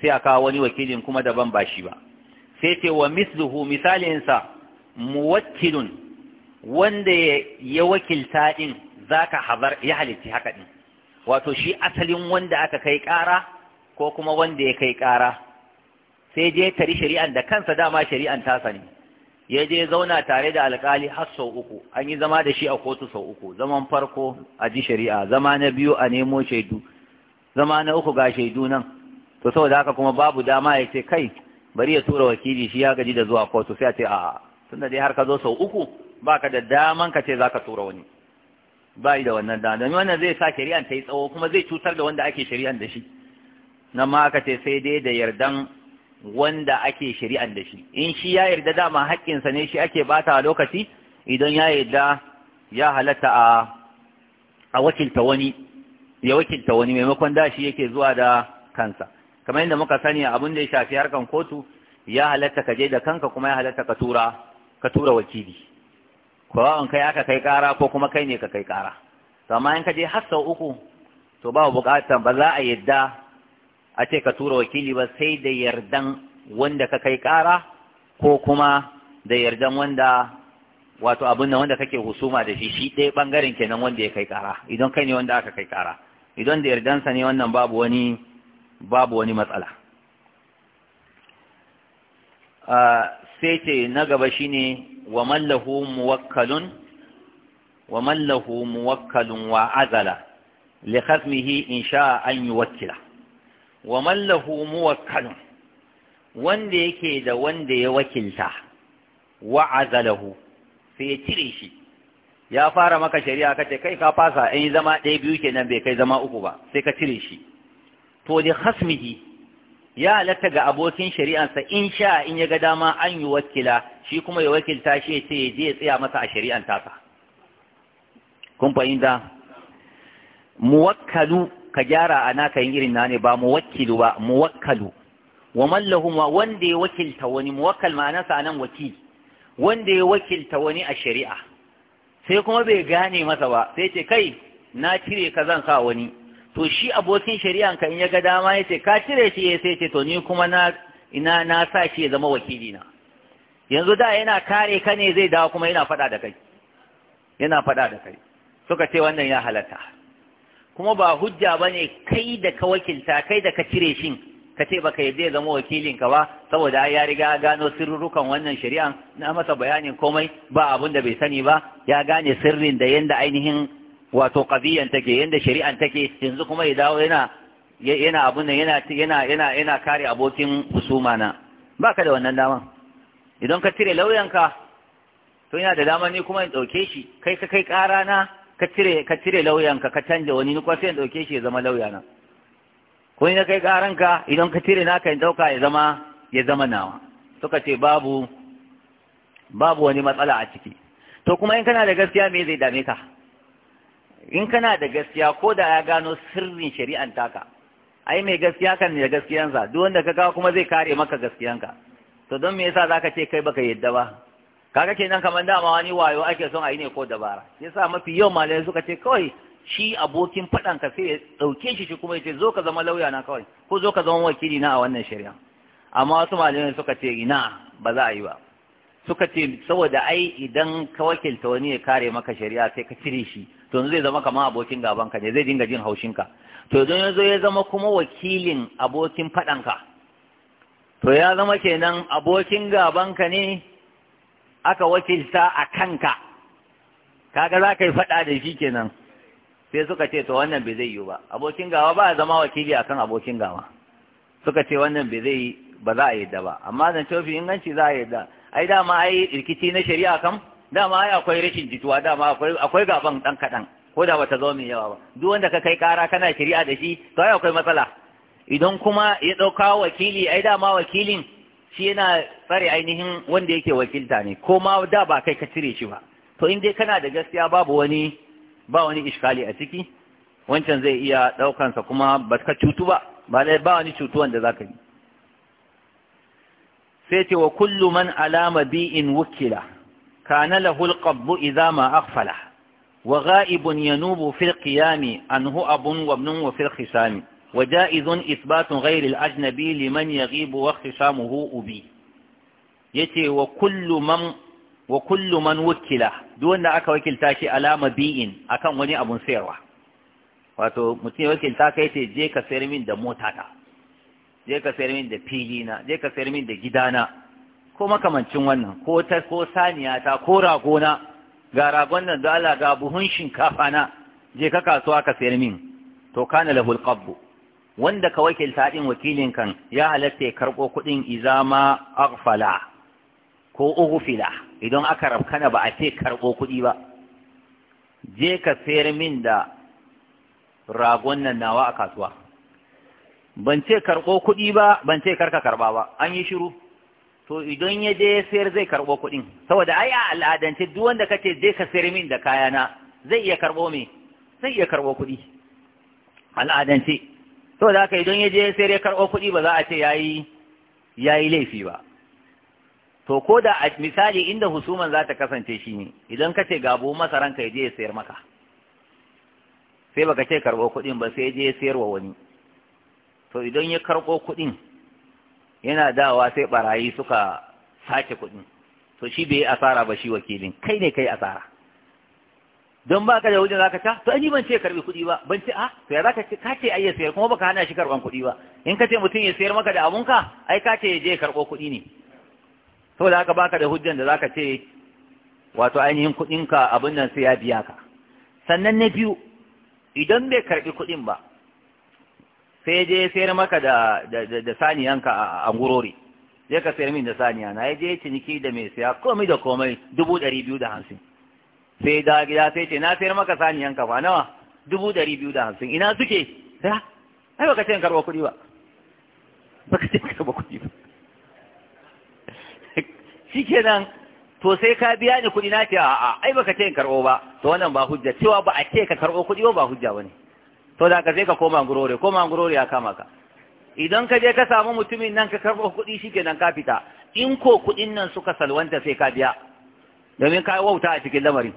sai a kawo wani wakilin kuma daban ba shi ba sai ce wa misluhu misalinsa muwakkilun wanda ya wakilta din Za ka habar ya halitti haka din wato shi asalin wanda aka kai ƙara ko kuma wanda ya kai ƙara sai je tari shari'an da kansa dama shari'an ta sani. ya je zauna tare da alƙali har sau uku an yi zama da shi a kotu sau uku zaman farko a ji shari'a zama na biyu a nemo shaidu zama na uku ga shaidu nan to saboda haka kuma babu dama ya ce kai bari ya tura wakili shi ya gaji da zuwa kotu sai a ce a tunda dai har ka zo sau uku baka da daman ka ce zaka tura wani ba da wannan da domin wannan zai sa shari'an ta yi tsawo kuma zai cutar da wanda ake shari'an da shi nan ma aka ce sai dai da yardan wanda ake shari'an da shi in shi ya yarda dama sa ne shi ake bata a lokaci idan ya yarda ya halatta a a wakilta wani ya wakilta wani maimakon da shi yake zuwa da kansa kamar yadda muka sani abin da ya shafi harkan kotu ya halatta ka je da kanka kuma ya halatta ka tura ka tura wakili in kai aka kai ƙara ko kuma kai ne ka kai ƙara to in ka je har sau uku to ba buƙatar ba za a yadda a ce ka tura wakili ba sai da yardan wanda ka kai ƙara ko kuma da yardan wanda wato abin nan wanda kake husuma da shi shi ɗaya ɓangaren kenan wanda ya kai ƙara idan kai ne wanda aka kai ƙara idan da yardansa ne wannan babu wani babu wani matsala sai ce na gaba shi ne wa mallahu muwakkalun wa mallahu muwakkalun wa azala li khasmihi in sha'a an yuwakkila wa mallahu muwakkalun wanda yake da wanda ya wakilta wa azalahu sai ya cire shi ya fara maka shari'a ka ce kai ka fasa in zama ɗaya biyu kenan bai kai zama uku ba sai ka cire shi to li khasmihi ya halatta ga abokin shari'ansa in sha in ya ga dama an yi wakila shi kuma ya wakilta shi ya ce ya je ya tsaya masa a shari'an tasa kun fahimta muwakkalu ka gyara a naka yin irin na ne ba muwakkilu ba muwakkalu wa ma wanda ya wakilta wani muwakkal ma'anarsa nan wakil wanda ya wakilta wani a shari'a sai kuma bai gane masa ba sai ce kai na cire ka zan sa wani to shi abokin ka in ya ga dama ya ce ka cire shi ya sai ce to ni kuma na ina na sa shi ya zama wakili na yanzu da yana kare ka ne zai dawo kuma yana faɗa da kai yana faɗa da kai suka ce wannan ya halatta kuma ba hujja bane kai da ka wakilta kai da ka cire shi ka ce baka yadda ya zama wakilin ka ba saboda ya riga gano sirrukan wannan shari'an na masa bayanin komai ba abun da bai sani ba ya gane sirrin da yanda ainihin wato qadiyan take yanda shari'an take yanzu kuma ya dawo yana yana abun nan yana yana yana yana kare abokin husuma na baka da wannan dama idan ka cire lauyanka to yana da dama ni kuma in dauke shi kai ka kai ƙara na ka cire ka cire lauyanka ka canja wani ni kuma sai in dauke shi ya zama lauya na ko ni na kai ƙaranka idan ka cire naka in dauka ya zama ya zama nawa suka ce babu babu wani matsala a ciki to kuma in kana da gaskiya me zai dame ka in kana da gaskiya ko da ya gano sirrin shari'an taka ai mai gaskiya kan da gaskiyansa duk wanda ka kawo kuma zai kare maka gaskiyanka to don me yasa zaka ce kai baka yadda ba kaga kenan kamar dama wani wayo ake son a yi ne ko dabara yasa mafi yau malai suka ce kawai shi abokin faɗan ka sai ya ɗauke shi shi kuma ya ce zo ka zama lauya na kawai ko zo ka zama wakili na a wannan shari'a amma wasu malamai suka ce ina ba za a yi ba suka ce saboda ai idan ka wakilta wani ya kare maka shari'a sai ka cire shi to zai zama kama abokin gabanka ne zai dinga jin haushinka to don yanzu ya zama kuma wakilin abokin faɗanka to ya zama kenan abokin gabanka ne aka wakilta a kanka kaga za ka yi faɗa da shi kenan sai suka ce to wannan bai zai yiwu ba abokin gaba ba zama wakili akan abokin gaba suka ce wannan bai zai ba za a yi yadda ba amma zan tofi inganci za a yadda ai dama ai rikici na shari'a kam dama ai akwai rashin jituwa dama akwai akwai gaban dan kadan ko da bata zo mai yawa ba duk wanda ka kai kara kana shari'a da shi to ai akwai matsala idan kuma ya dauka wakili ai dama wakilin shi yana tsare ainihin wanda yake wakilta ne ko ma da ba kai ka cire shi ba to in dai kana da gaskiya babu wani ba wani iskali a ciki wancan zai iya daukansa kuma ba ka cutu ba ba ba wani wanda da ka yi sai ce wa kullu man alama in wukila kana lahul qabdu idza ma aghfala wa yanubu fil anhu abun wa ibnun wa ja'izun isbatun ghairi ajnabi liman yaghibu wa khisamuhu ubi yace wa kullu man wa kullu wukila duk wanda aka wakilta shi alama bi'in wani abun wato mutum ya wakilta kai ce je ka sayar min da motata je ka sayar min da filina je ka sayar min da gidana ko makamancin wannan ko ta ko saniya ta ko ragona ga ragon nan da Allah ga buhun shinkafa na je ka kasuwa ka sayar min to kana lahul qabbu wanda ka wakilta din wakilin kan ya halatta ya karbo kuɗin izama aghfala ko ughfila idan aka rabkana ba a ce karbo kuɗi ba je ka sayar min da ragon nan nawa a kasuwa ban ce karɓo kuɗi ba ban ce karka karba ba an yi shiru to idan ya je sayar zai karɓo kuɗin saboda ai a al'adance duk wanda kace je ka sayar min da kayana zai iya karɓo me zai iya karɓo kuɗi al'adance saboda haka idan ya je sayar ya karɓo kuɗi ba za a ce yayi yayi laifi ba to ko da a misali inda husuman za ta kasance shi ne idan ka ce gabo masaran ka je ya sayar maka sai baka ce karɓo kuɗin ba sai je ya sayar wa wani to idan ya karɓo kuɗin yana dawa sai barayi suka sace kuɗin to shi bai yi asara ba shi wakilin kai ne kai asara don ba ka da wajen zaka ta to ni ban ce karbi kuɗi ba ban ce a ah, to ya zaka ce ka ce ai sayar kuma baka hana shi karban kuɗi ba in ka ce mutum ya sayar maka da abunka ai ka ce ya je karɓo kuɗi ne to da haka baka da hujjan da zaka ce wato ainihin kuɗinka abin nan sai ya biya ka sannan na biyu idan bai karbi kuɗin ba sai je sayar maka da da saniyanka a gurori, zai ka sayar min da saniya na ya je ciniki da mai siya komai da komai dubu ɗari biyu da hamsin sai da gida sai ce na sayar maka saniyanka ba nawa dubu ɗari biyu da hamsin ina suke sai ai baka ce karɓa kuɗi ba baka ce karɓa kuɗi ba kenan to sai ka biya ni kuɗi na ce a'a ai baka ce karɓo ba to wannan ba hujja cewa ba a ce ka karɓo kuɗi ba ba hujja ne. to da ka sai ka koma gurore koma gurore ya kama ka idan ka je ka samu mutumin nan ka karɓo kuɗi shi kenan ka fita in ko kuɗin nan suka salwanta sai ka biya domin ka wauta a cikin lamari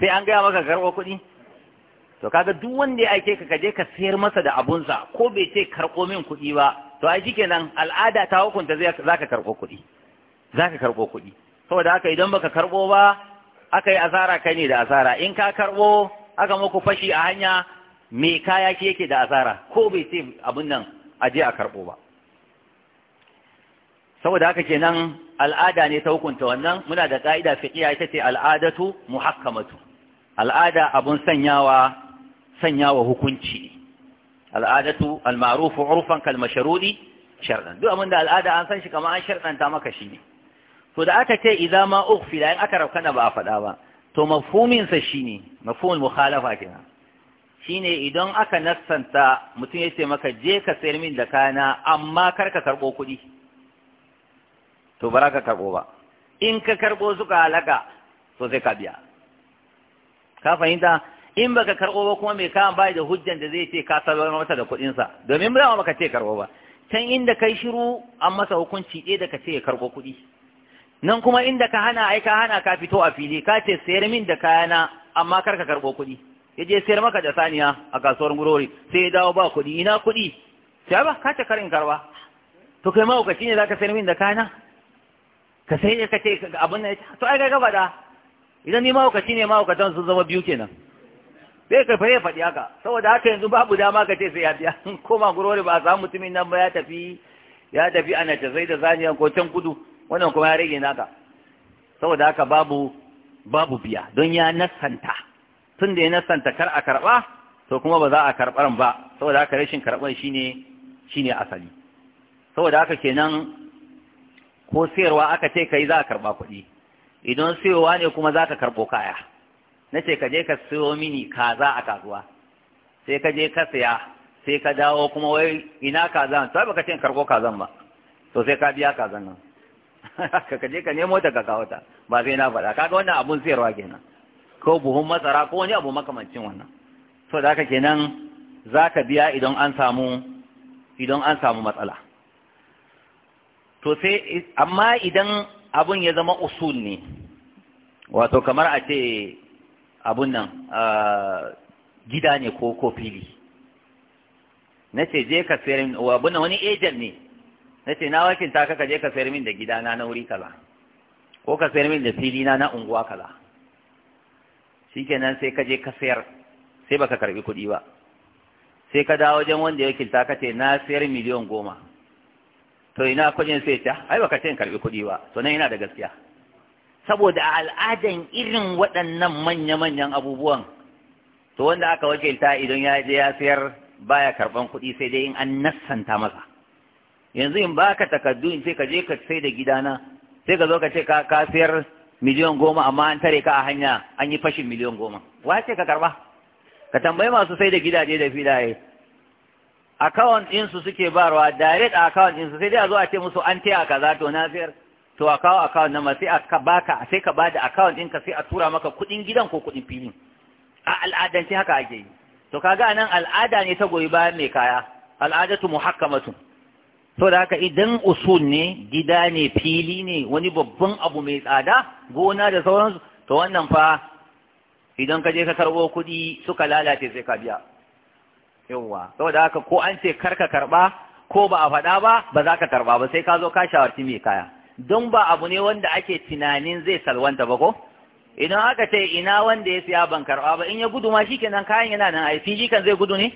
sai an gaya maka karɓo kuɗi to kaga duk wanda ya aike ka kaje ka sayar masa da abun sa, ko bai ce karɓo min kuɗi ba to ai kenan al'ada ta hukunta zai ka karɓo kuɗi ka karɓo kuɗi saboda haka idan baka karɓo ba aka yi asara kai ne da asara in ka karɓo aka muku fashi a hanya me kaya ke yake da asara ko bai ce abin nan a a karɓo ba saboda haka kenan al'ada ne ta hukunta wannan muna da ka'ida fiqiya ita ce al'adatu muhakkamatu al'ada abun sanyawa sanyawa hukunci al'adatu al 'urfan kal mashrudi shar'an duk al'ada an san shi kamar an shar'anta maka shi ne to da aka ce idza ma ughfila in aka rafkana ba a faɗa ba to mafhumin sa shine mafhumul mukhalafa kenan shine idan aka nassanta mutum ya ce maka je ka sayar min da kana amma kar ka karɓo kuɗi to ba ka karɓo ba in ka karɓo suka halaka to sai ka biya ka fahimta in baka karɓo ba kuma mai kayan bai da hujjan da zai ce ka salwar mata da kuɗinsa domin ba maka ce karɓo ba can inda kai shiru an masa hukunci ɗaya da ka ce ya karɓo kuɗi nan kuma inda ka hana ai ka hana ka fito a fili ka ce sayar min da kayana amma kar ka karɓo kuɗi ya je sayar maka da saniya a kasuwar gurori sai ya dawo ba kuɗi ina kuɗi sai ba ka ce karin karwa to kai mahaukaci ne za ka sayar min da kana ka sai ne ka ce abin nan to ai ga gaba da idan ni shine ne ka sun zama biyu kenan sai ka fare faɗi haka saboda haka yanzu babu dama ka ce sai ya biya koma gurori ba a mutumin nan ba ya tafi ya tafi ana ta sai da zaniya ko can kudu wannan kuma ya rage naka saboda haka babu babu biya don ya nasanta tun da ya nasanta kar a karɓa to kuma ba za a karɓar ba saboda haka rashin karɓar shi ne asali saboda haka kenan ko sayarwa aka ce kai za a karɓa kuɗi idan sayowa ne kuma za ka karɓo kaya na ce ka je ka sayo mini kaza a kasuwa sai ka je ka saya sai ka dawo kuma wai ina kazan ba ka ce karɓo kazan ba to sai ka biya kazan nan ka je ka nemo ta ka kawo ta ba sai na faɗa kaga wannan abun sayarwa kenan ko buhun matsara ko wani abu makamancin wannan so da haka kenan za ka biya idan an samu idan an samu matsala to sai amma idan abun ya zama usul ne wato kamar a ce abun nan gida ne ko ko fili na ce je ka sayar min abun nan wani agent ne na ce na wakilta ka je ka sayar min da gidana na wuri kaza ko ka sayar min da fili na na unguwa kaza shikenan sai ka je ka sayar sai baka karbi kuɗi ba sai ka dawo wajen wanda ya kilta ka ce na sayar miliyan goma to ina kujin sai ta ai baka ce in karbi kuɗi ba to nan yana da gaskiya saboda a al'adan irin waɗannan manya-manyan abubuwan to wanda aka wakilta idan ya je ya sayar baya karban kuɗi sai dai in an nassanta masa yanzu in baka takardu in ce ka je ka sai da gidana sai ka zo ka ce ka sayar miliyan goma amma an tare ka a hanya an yi fashin miliyan goma wace ka karba ka tambayi masu sai da gidaje da filaye Akawun ɗinsu suke barwa direct akawun ɗinsu sai dai a zo a ce musu an taya kaza to na sayar to a kawo account number sai a baka sai ka bada akawun ɗinka sai a tura maka kuɗin gidan ko kuɗin filin a al'adance haka ake yi to kaga nan al'ada ne ta goyi bayan mai kaya al'adatu muhakkamatun so da haka idan usul ne gida ne fili ne wani babban abu mai tsada gona da sauransu to wannan fa idan ka je ka karɓo kuɗi suka lalace sai ka biya yawwa saboda haka ko an ce karka karɓa ko ba a faɗa ba ba za ka karɓa ba sai ka zo ka shawarci mai kaya don ba abu ne wanda ake tunanin zai salwanta ba ko idan aka ce ina wanda ya siya ban karɓa ba in ya gudu ma kenan kayan yana nan a fili kan zai gudu ne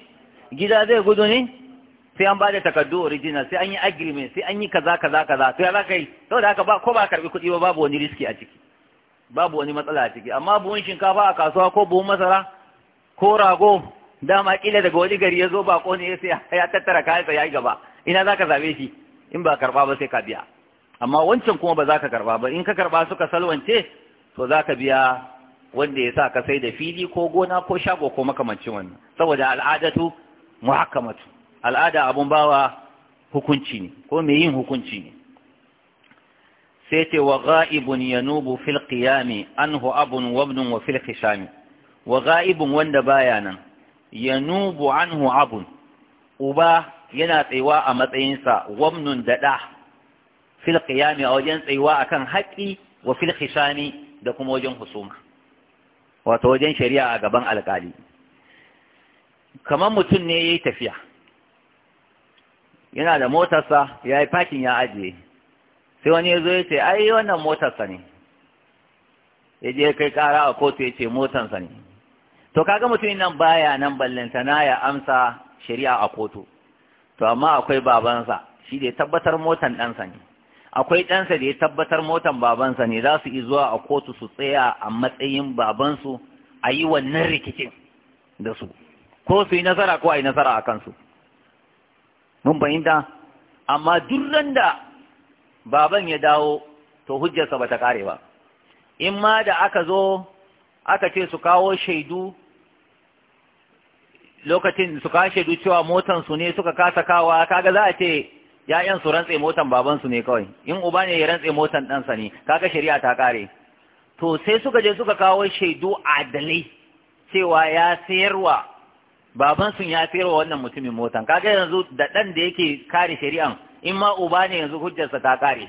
gida zai gudu ne sai an bada takardu original sai an yi agreement sai an yi kaza kaza kaza to za ka yi da haka ba ko ba karbi kuɗi ba babu wani riski a ciki babu wani matsala a ciki amma buhun shinkafa a kasuwa ko buhun masara ko rago dama kila daga wani gari ya zo ba ko ne sai ya tattara kayansa ya yi gaba ina za ka zabe shi in ba karba ba sai ka biya amma wancan kuma ba za ka karba ba in ka karba suka salwance to za ka biya wanda ya sa ka sai da fili ko gona ko shago ko makamancin wannan saboda al'adatu muhakkamatu al'ada abun bawa hukunci ne ko mai yin hukunci ne sai ce wa ga'ibun yanubu fil an hu abun wa wa fil wa ga'ibun wanda baya nan yanubu hu abun uba yana tsayuwa a matsayinsa wamnun da ɗa a wajen tsayuwa akan haƙƙi wa fil da kuma wajen husuma wato wajen shari'a a gaban alƙali kamar mutum ne yayi tafiya yana da motarsa ya yi fakin ya ajiye sai wani ya zo ya ce ai wannan motarsa ne ya je kai kara a kotu ya ce motarsa ne to kaga mutumin nan baya nan ballanta na ya amsa shari'a a kotu to amma akwai babansa shi da ya tabbatar motan ɗansa ne akwai ɗansa da ya tabbatar motar babansa ne za su yi zuwa a kotu su tsaya a matsayin babansu a yi wannan rikicin da su ko su yi nasara ko a yi nasara a kansu mun fahimta amma duk da baban ya dawo to hujjarsa bata kare ba in ma da aka zo aka ce su kawo shaidu lokacin su kawo shaidu cewa motan su ne suka kasa kawa kaga za a ce ya'yan su rantse motan baban su ne kawai in uba ne ya rantse motan ɗansa ne kaga shari'a ta kare to sai suka je suka kawo shaidu adalai cewa ya sayarwa baban sun ya wa wannan mutumin motan kaga yanzu da dan da yake kare shari'an in ma uba ne yanzu hujjarsa ta kare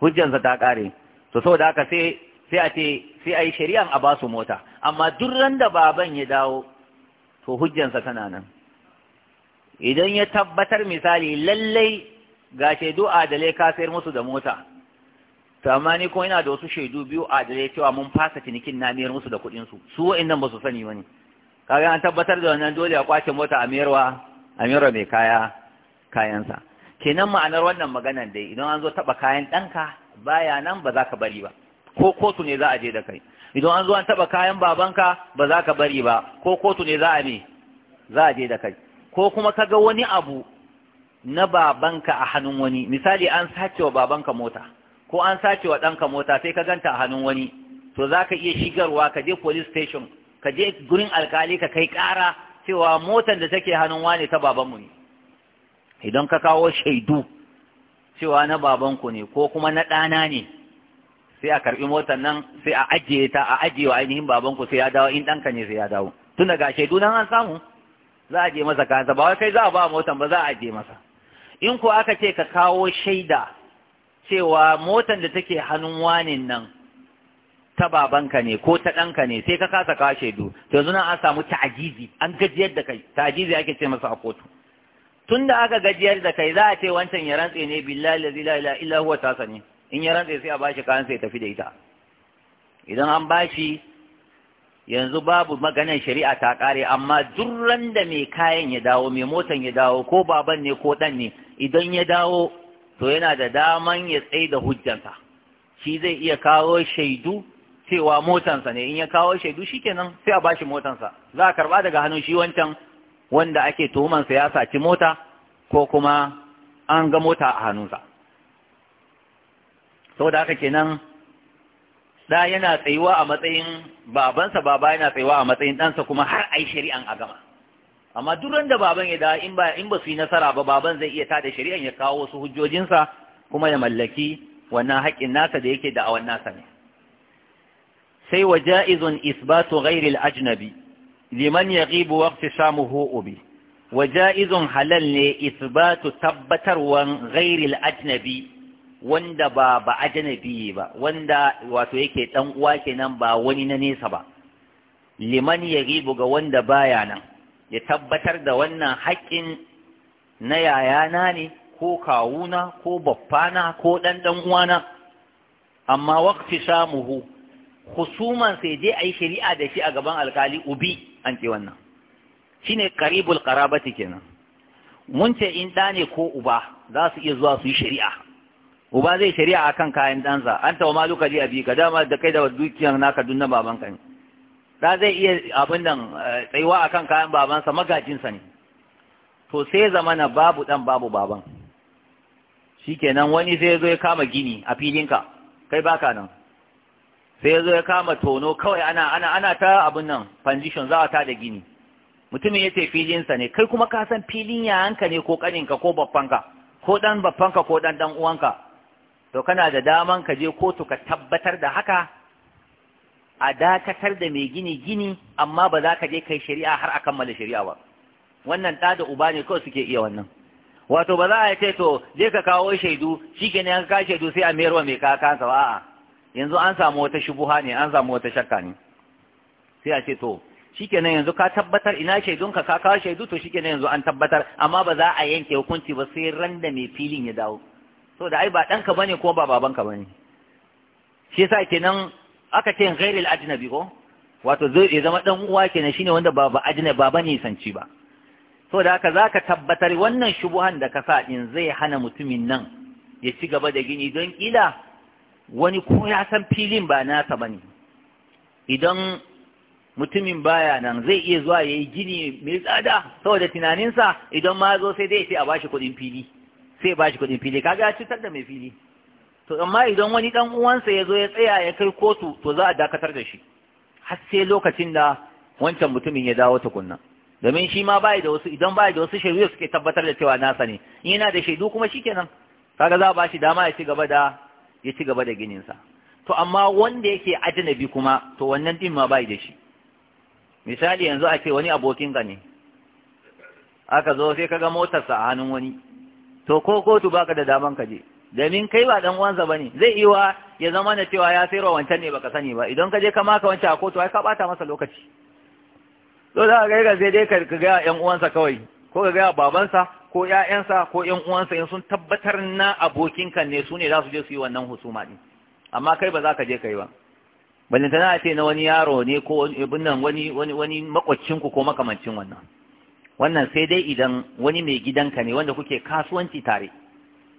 hujjarsa ta kare to saboda haka sai sai a ce sai a shari'an a basu mota amma duk ran da baban ya dawo to hujjansa tana nan idan ya tabbatar misali lallai ga shaidu adalai ka sayar musu da mota to amma ni ko ina da wasu shaidu biyu adalai cewa mun fasa cinikin na musu da kuɗinsu su wa'annan ba su sani ba ne kaga an tabbatar da wannan dole a kwace mota a mayarwa a mai kaya kayansa kenan ma'anar wannan maganan dai idan an zo taba kayan ɗanka baya nan ba za ka bari ba ko kotu ne za a je da kai idan an zo an taba kayan babanka ba za ka bari ba ko kotu ne za a ne za a je da kai ko kuma ka ga wani abu na babanka a hannun wani misali an sace wa babanka mota ko an sace wa ɗanka mota sai ka ganta a hannun wani to za ka iya shigarwa ka je police station ka je gurin alkali ka kai ƙara cewa motar da take hannun wane ta babanmu ne idan ka kawo shaidu cewa na babanku ne ko kuma na ɗana ne sai a karɓi motar nan sai a ajiye ta a ajiye wa ainihin babanku sai ya dawo in ɗanka ne sai ya dawo tun daga shaidu nan an samu za a je masa kansa ba wai kai za a ba motar ba za a ajiye masa in kuwa aka ce ka kawo shaida cewa motar da take hannun wane nan ta babanka ne ko ta ɗanka ne sai ka kasa kawo shaidu to yanzu nan an samu ta'ajizi an gajiyar da kai ta'ajizi ake ce masa a kotu tun da aka gajiyar da kai za a ce wancan ya rantse ne billahi la ilaha illa huwa tasa ne in ya rantse sai a bashi kayan sai tafi da ita idan an bashi yanzu babu maganar shari'a ta kare amma duk da mai kayan ya dawo mai motan ya dawo ko baban ne ko dan ne idan ya dawo to yana da daman ya tsaye da hujjansa shi zai iya kawo shaidu cewa motansa ne in ya kawo shaidu shi kenan sai a bashi motansa za a karba daga hannun shi wancan wanda ake tuhumansa ya saci mota ko kuma an ga mota a hannunsa saboda haka kenan da yana tsayuwa a matsayin babansa baba yana tsayuwa a matsayin ɗansa kuma har ai shari'an a gama amma duk ran da baban ya da in ba su yi nasara ba baban zai iya tada shari'an ya kawo wasu hujjojinsa kuma ya mallaki wannan haƙƙin nasa da yake da nasa ne sai wa ja'izun isbatu ghairi ajnabi liman yaghibu waqti samuhu ubi wa ja'izun halal ne isbatu tabbatarwan ghairi ajnabi wanda ba ba ajnabi ba wanda wato yake ɗan uwa kenan ba wani na nesa ba liman ribu ga wanda baya nan ya tabbatar da wannan haƙƙin na yayana ne ko kawuna ko na, ko ɗan ɗan uwana amma samu samuhu husuman sai je ayi shari'a da shi a gaban alkali ubi an ce wannan shine qaribul qarabati kenan mun ce in ɗa ne ko uba za su iya zuwa su yi shari'a uba zai shari'a akan kayan ɗansa an tawa maluka ji abi ka dama da kai da dukiyar naka dun na babanka ne da zai iya abin nan eh, tsayuwa akan kayan babansa magajinsa ne to sai zamana babu dan babu baban shikenan wani zai zo ya kama gini a filinka kai baka nan sai ya zo ya kama tono kawai ana ana ana ta abin nan foundation za a ta da gini mutumin ya ce filinsa ne kai kuma ka san filin ya yayanka ne ko kaninka ko babbanka ko dan babbanka ko dan dan uwanka to kana da daman ka je kotu ka tabbatar da haka a dakatar da mai gini gini amma ba za ka je kai shari'a har a kammala shari'a ba wannan ɗa da uba ne kawai suke iya wannan wato ba za a ce to je ka kawo shaidu shi ke ka shaidu sai a mayarwa mai kakansa ba a'a yanzu an samu wata shubuha ne an samu wata shakka ne sai a ce to shikenan yanzu ka tabbatar ina shaidun ka ka kawo shaidu to shikenan yanzu an tabbatar amma ba za a yanke hukunci ba sai randa mai filin ya dawo so da ai ba ɗanka bane ko ba babanka bane shi yasa kenan aka ce ghairil ajnabi ko wato zai ya zama dan uwa kenan shine wanda ba ba ajnabi ba bane sanci ba so da haka zaka tabbatar wannan shubuhan da ka sa din zai hana mutumin nan ya ci gaba da gini don kila wani ko ya san filin ba nasa ba ne. idan mutumin baya nan zai iya zuwa ya yi gini mai tsada saboda tunaninsa idan ma zo sai dai sai a ba shi kuɗin fili sai ba shi kuɗin fili kaga ya cutar da mai fili to amma idan wani dan uwansa ya zo ya tsaya ya kai kotu to za a dakatar da shi har sai lokacin da wancan mutumin ya dawo tukunna domin shi ma bai da wasu idan bai da wasu shaidu suke tabbatar da cewa nasa ne yana da shaidu kuma shi shikenan kaga za a shi dama ya ci gaba da ya ci gaba da gininsa to amma wanda yake ajnabi kuma to wannan din ma bai da shi misali yanzu a ce wani ka ne aka zo sai kaga motarsa a hannun wani to ko kotu baka da daman ka je domin kai ba dan uwansa bane zai iya ya zama na cewa ya sayarwa wancan ne baka sani ba idan ka je ka maka wancan a kotu ai ka bata masa lokaci to za ka ga sai dai ka ga yan uwansa kawai ko ka ga babansa ko ‘ya'yansa ko ‘yan uwansa in sun tabbatar na abokinka ne su ne za su je su yi wannan husuma ɗin amma kai ba za ka je kai ba balintana ce na wani yaro ne ko wani makwacinku ko makamancin wannan wannan sai dai idan wani mai gidanka ne wanda kuke kasuwanci tare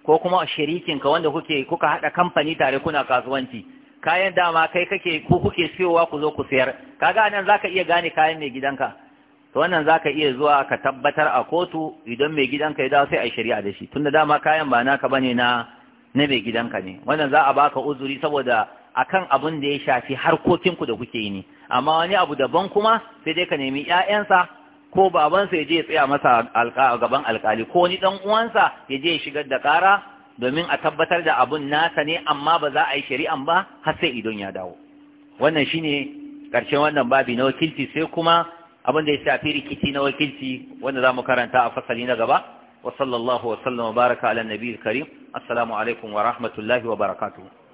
ko kuma shirikinka wanda kuke kuka haɗa kamfani tare kuna kasuwanci kayan dama kai kake ku kuke siyowa ku zo ku sayar kaga nan za ka iya gane kayan mai gidanka to wannan ka iya zuwa ka tabbatar a kotu idan mai gidanka ya dawo sai a shari'a da shi tunda dama kayan ba naka bane na na mai gidanka ne wannan za a baka uzuri saboda akan abin da ya shafi harkokin ku da kuke yi ne amma wani abu daban kuma sai dai ka nemi ƴaƴansa ko babansa ya je ya tsaya masa gaban alkali ko wani dan uwansa ya je ya shigar da ƙara domin a tabbatar da abun nasa ne amma ba za a yi shari'an ba har sai idon ya dawo wannan shine karshen wannan babi na wakilci sai kuma abin da ya shafi rikici na wakilci wanda za mu karanta a fasali na gaba wa sallallahu wa sallama baraka ala nabiyil karim assalamu alaikum wa rahmatullahi wa barakatu.